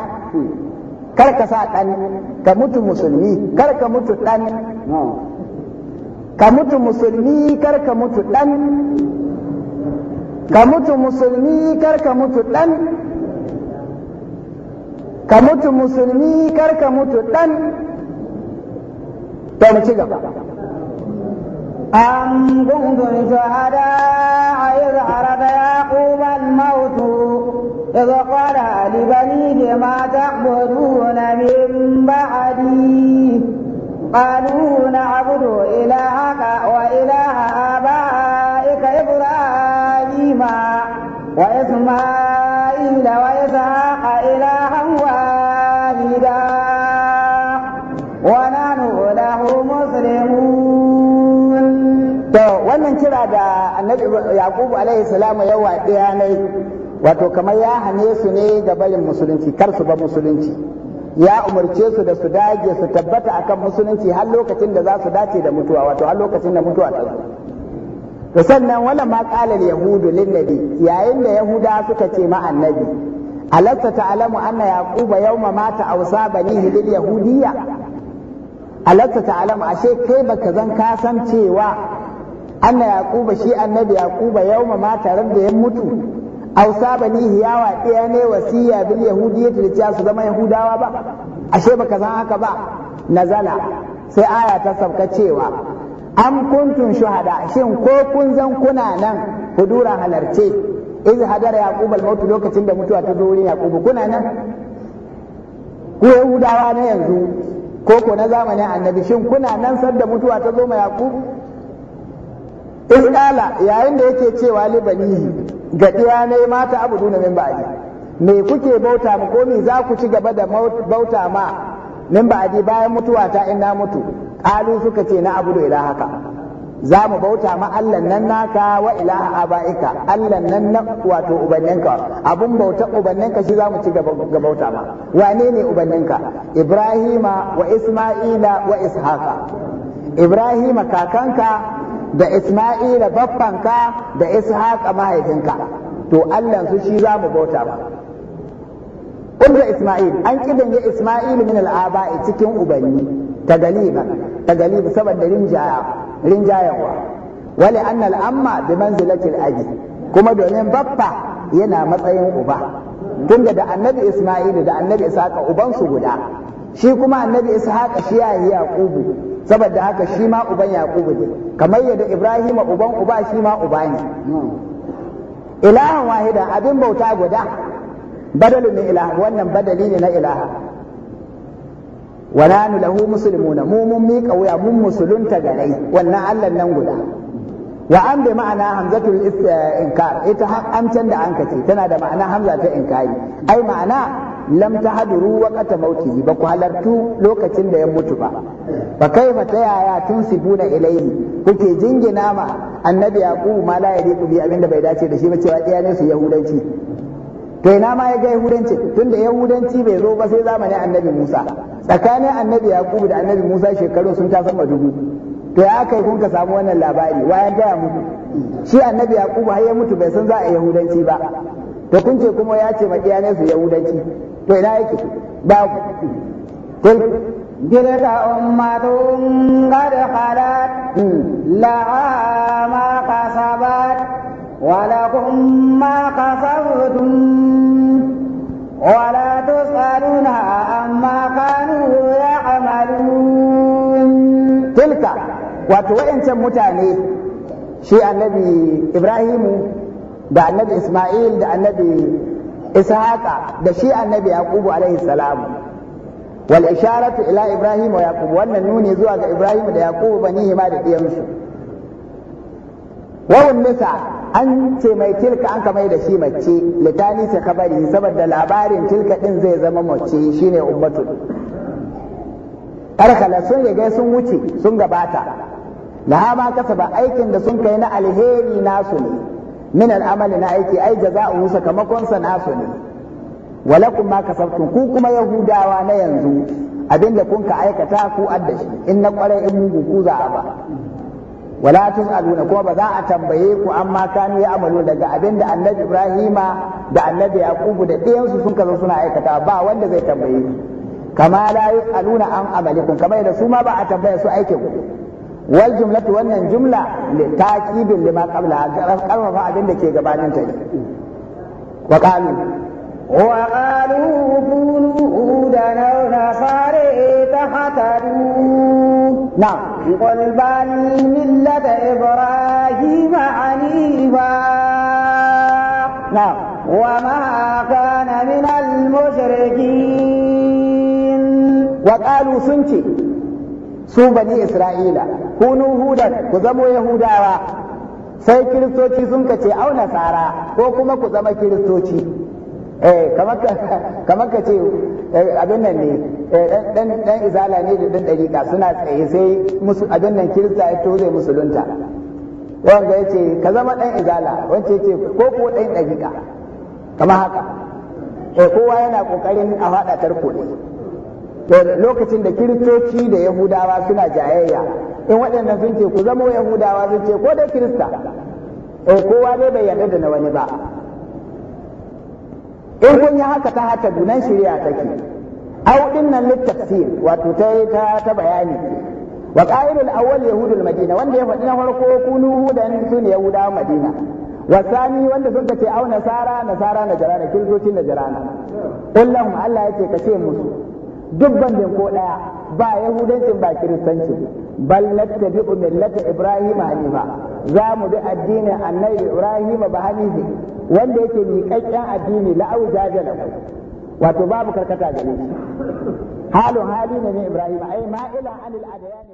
kar ka sa ɗan ka mutu musulmi kar ka mutu ɗan ka mutu musulmi kar ka mutu ɗan ka mutu musulmi kar ka mutu ɗan ka mutu musulmi kar ka mutu ɗan ta mu ci gaba أم كنتم شهداء إذ ya يعقوب الموت إذ قال لبنيه ما تعبدون من بعدي قالوا نعبد إلهك وإله آبائك إبراهيم وإسماعيل وإسحاق إلها واحدا ونحن له مسلمون. To wannan kira da Annabi Yakubu alaihi salam yawa ɗaya wato kamar ya hane su ne ga barin musulunci kar su ba musulunci ya umarce su da su dage su tabbata akan musulunci har lokacin da za su dace da mutuwa wato har lokacin da mutuwa ta to sannan wala ma qala yahudu lin nabi yayin da yahuda suka ce ma annabi alasta ta'lamu anna yaquba yawma mata awsa banihi lil yahudiyya alasta ta'lamu ashe kai baka zan ka san cewa anna yaquba shi annabi yaquba yawma mata rabbi ya mutu aw sabani hiyawa ɗaya ne wasiya bil yahudiyyati da cewa su zama yahudawa ba ashe baka san haka ba nazala sai aya ta sabka cewa am kuntum shuhada shin ko kun zan kuna nan hudura halarce iz hadara yaqub al mautu lokacin da mutuwa ta zo wurin yaqub kuna nan ku yahudawa na yanzu ko ko na zamanin annabi shin kuna nan sadda mutuwa ta zo ma yaqub iz yayin da yake cewa libanihi ga ɗiya ne mata abu duna min ba'adi me kuke bauta mu ko me za ku ci gaba da bauta ma min ba'adi bayan mutuwa ta in na mutu ƙalu suka ce na abu da ila haka za mu bauta ma Allah nan naka wa ilaha abaika Allah nan na wato ubanninka abun bauta ubanninka shi za mu ci gaba bauta ma wane ne ubanninka Ibrahima wa Isma'ila wa Ishaqa Ibrahima kakanka da Isma'ila ka da Ishaq mahaifinka to Allah su shi za mu bauta ba Umra Isma'il an kidan ya Isma'il min al-aba'i cikin ubanni ta galiba ta galiba saboda rinjaya rinjayawa wali anna al-amma bi manzilati al-abi kuma domin baffa yana matsayin uba tunda da annabi Isma'il da annabi Ishaq uban su guda shi kuma annabi Ishaq shi ya yi Yaqubu saboda haka shi ma uban yaqubu ne kamar yadda ibrahim uban uba shi ma uba ne ilahan wahida abin bauta guda badalu ne ilaha wannan badali ne na ilaha wa nanu lahu muslimuna mu mun miƙa wuya mun musulunta gare wannan allan nan guda wa an bi ma'ana hamzatul eh, inkar ita amcan da anka ce tana da ma'ana hamza ta inkari ai ma'ana lam tahduru kata mauti ba ku halartu lokacin da ya mutu ba ba fa ba ta yaya tun tunsibuna ilayhi kuke jingina ma annabi yaqub ma la yadiku bi abinda bai dace da shi ba cewa iyayen su yahudanci to ina ma ya ga yahudanci tunda yahudanci bai zo ba sai zamanin annabi Musa tsakanin annabi yaqub da annabi Musa shekaru sun ta sama dubu to ya kai kun ka samu wannan labari wayan ga mutu shi annabi yaqub har ya mutu bai san za a yahudanci ba to kun ce kuma ya ce maƙiya ne su yahudanci to ina yake ba ku kun gilka ummatun gad khalat la ma kasabat wa lakum ma kasabtum wa la tusaluna amma kanu ya'malun tilka wato wa'ancan mutane shi annabi ibrahimu da annabi Ismail da annabi Ishaqa da shi annabi Yaqubu alaihi salam wal isharatu ila Ibrahim wa Yaqub wannan nuni zuwa ga Ibrahim da Yaqub banihi ma da diyansu wawan nisa an ce mai tilka an mai da shi mace litani sai kabari saboda labarin tilka din zai zama mace shine ummatu Karkala sun riga sun wuce sun gabata laha ma ba aikin da sun kai na alheri nasu ne min al'amali na aiki ai jaza'u sakamakon sa nasu ne walakum ma kasabtum ku kuma yahudawa na yanzu abinda kun ka aikata ku addashi in na kwarai in mugu ku za a ba wala tusaluna kuma ba za a tambaye ku amma kanu ya amalu daga abinda annabi ibrahima da annabi yaqubu da ɗiyansu sun kazo suna aikata ba wanda zai tambaye kama la an amalikum kamar da su ma ba a tambaye su aikin ku wal jumlatu wannan jumla taqibin lima qabla abin da ke gabanin ta ne wa qalu wa qalu ibrahima hanifa na'am su bani isra'ila kunu hudan ku zamo yahudawa sai kiristoci sun ka ce au nasara ko kuma ku zama kiristoci eh kamar ka ce eh, abin nan ne eh, dan izala ne da dan dariƙa suna tsaye sai musu abin nan kirista ya to zai musulunta wanda ya ce ka zama dan izala wance ce ko ko dan dariƙa kamar haka eh kowa yana kokarin a faɗa tarko ne to lokacin da kiristoci da yahudawa suna jayayya in waɗannan sun ce ku zama yahudawa sun ce ko dai kirista eh kowa dai bai yarda da na wani ba in kun yi haka ta hata dunan shari'a take au dinnan littafsir wato ta ta bayani wa qailul awwal yahudul madina wanda ya faɗi na farko kunu hudan sun yahudawa madina sami wanda sun ce au nasara nasara na jarana kiristocin na jarana kullum Allah yake kace musu duk bandin ko ɗaya ba yahudancin ba kiristancin bal nattabi'u millata ibrahim hanifa za mu bi addinin annabi ibrahim ba hanifi wanda yake miƙaƙƙen addini la'au jajala wato babu karkata gare shi halin hali ne na ibrahim ai ma'ilan anil adyan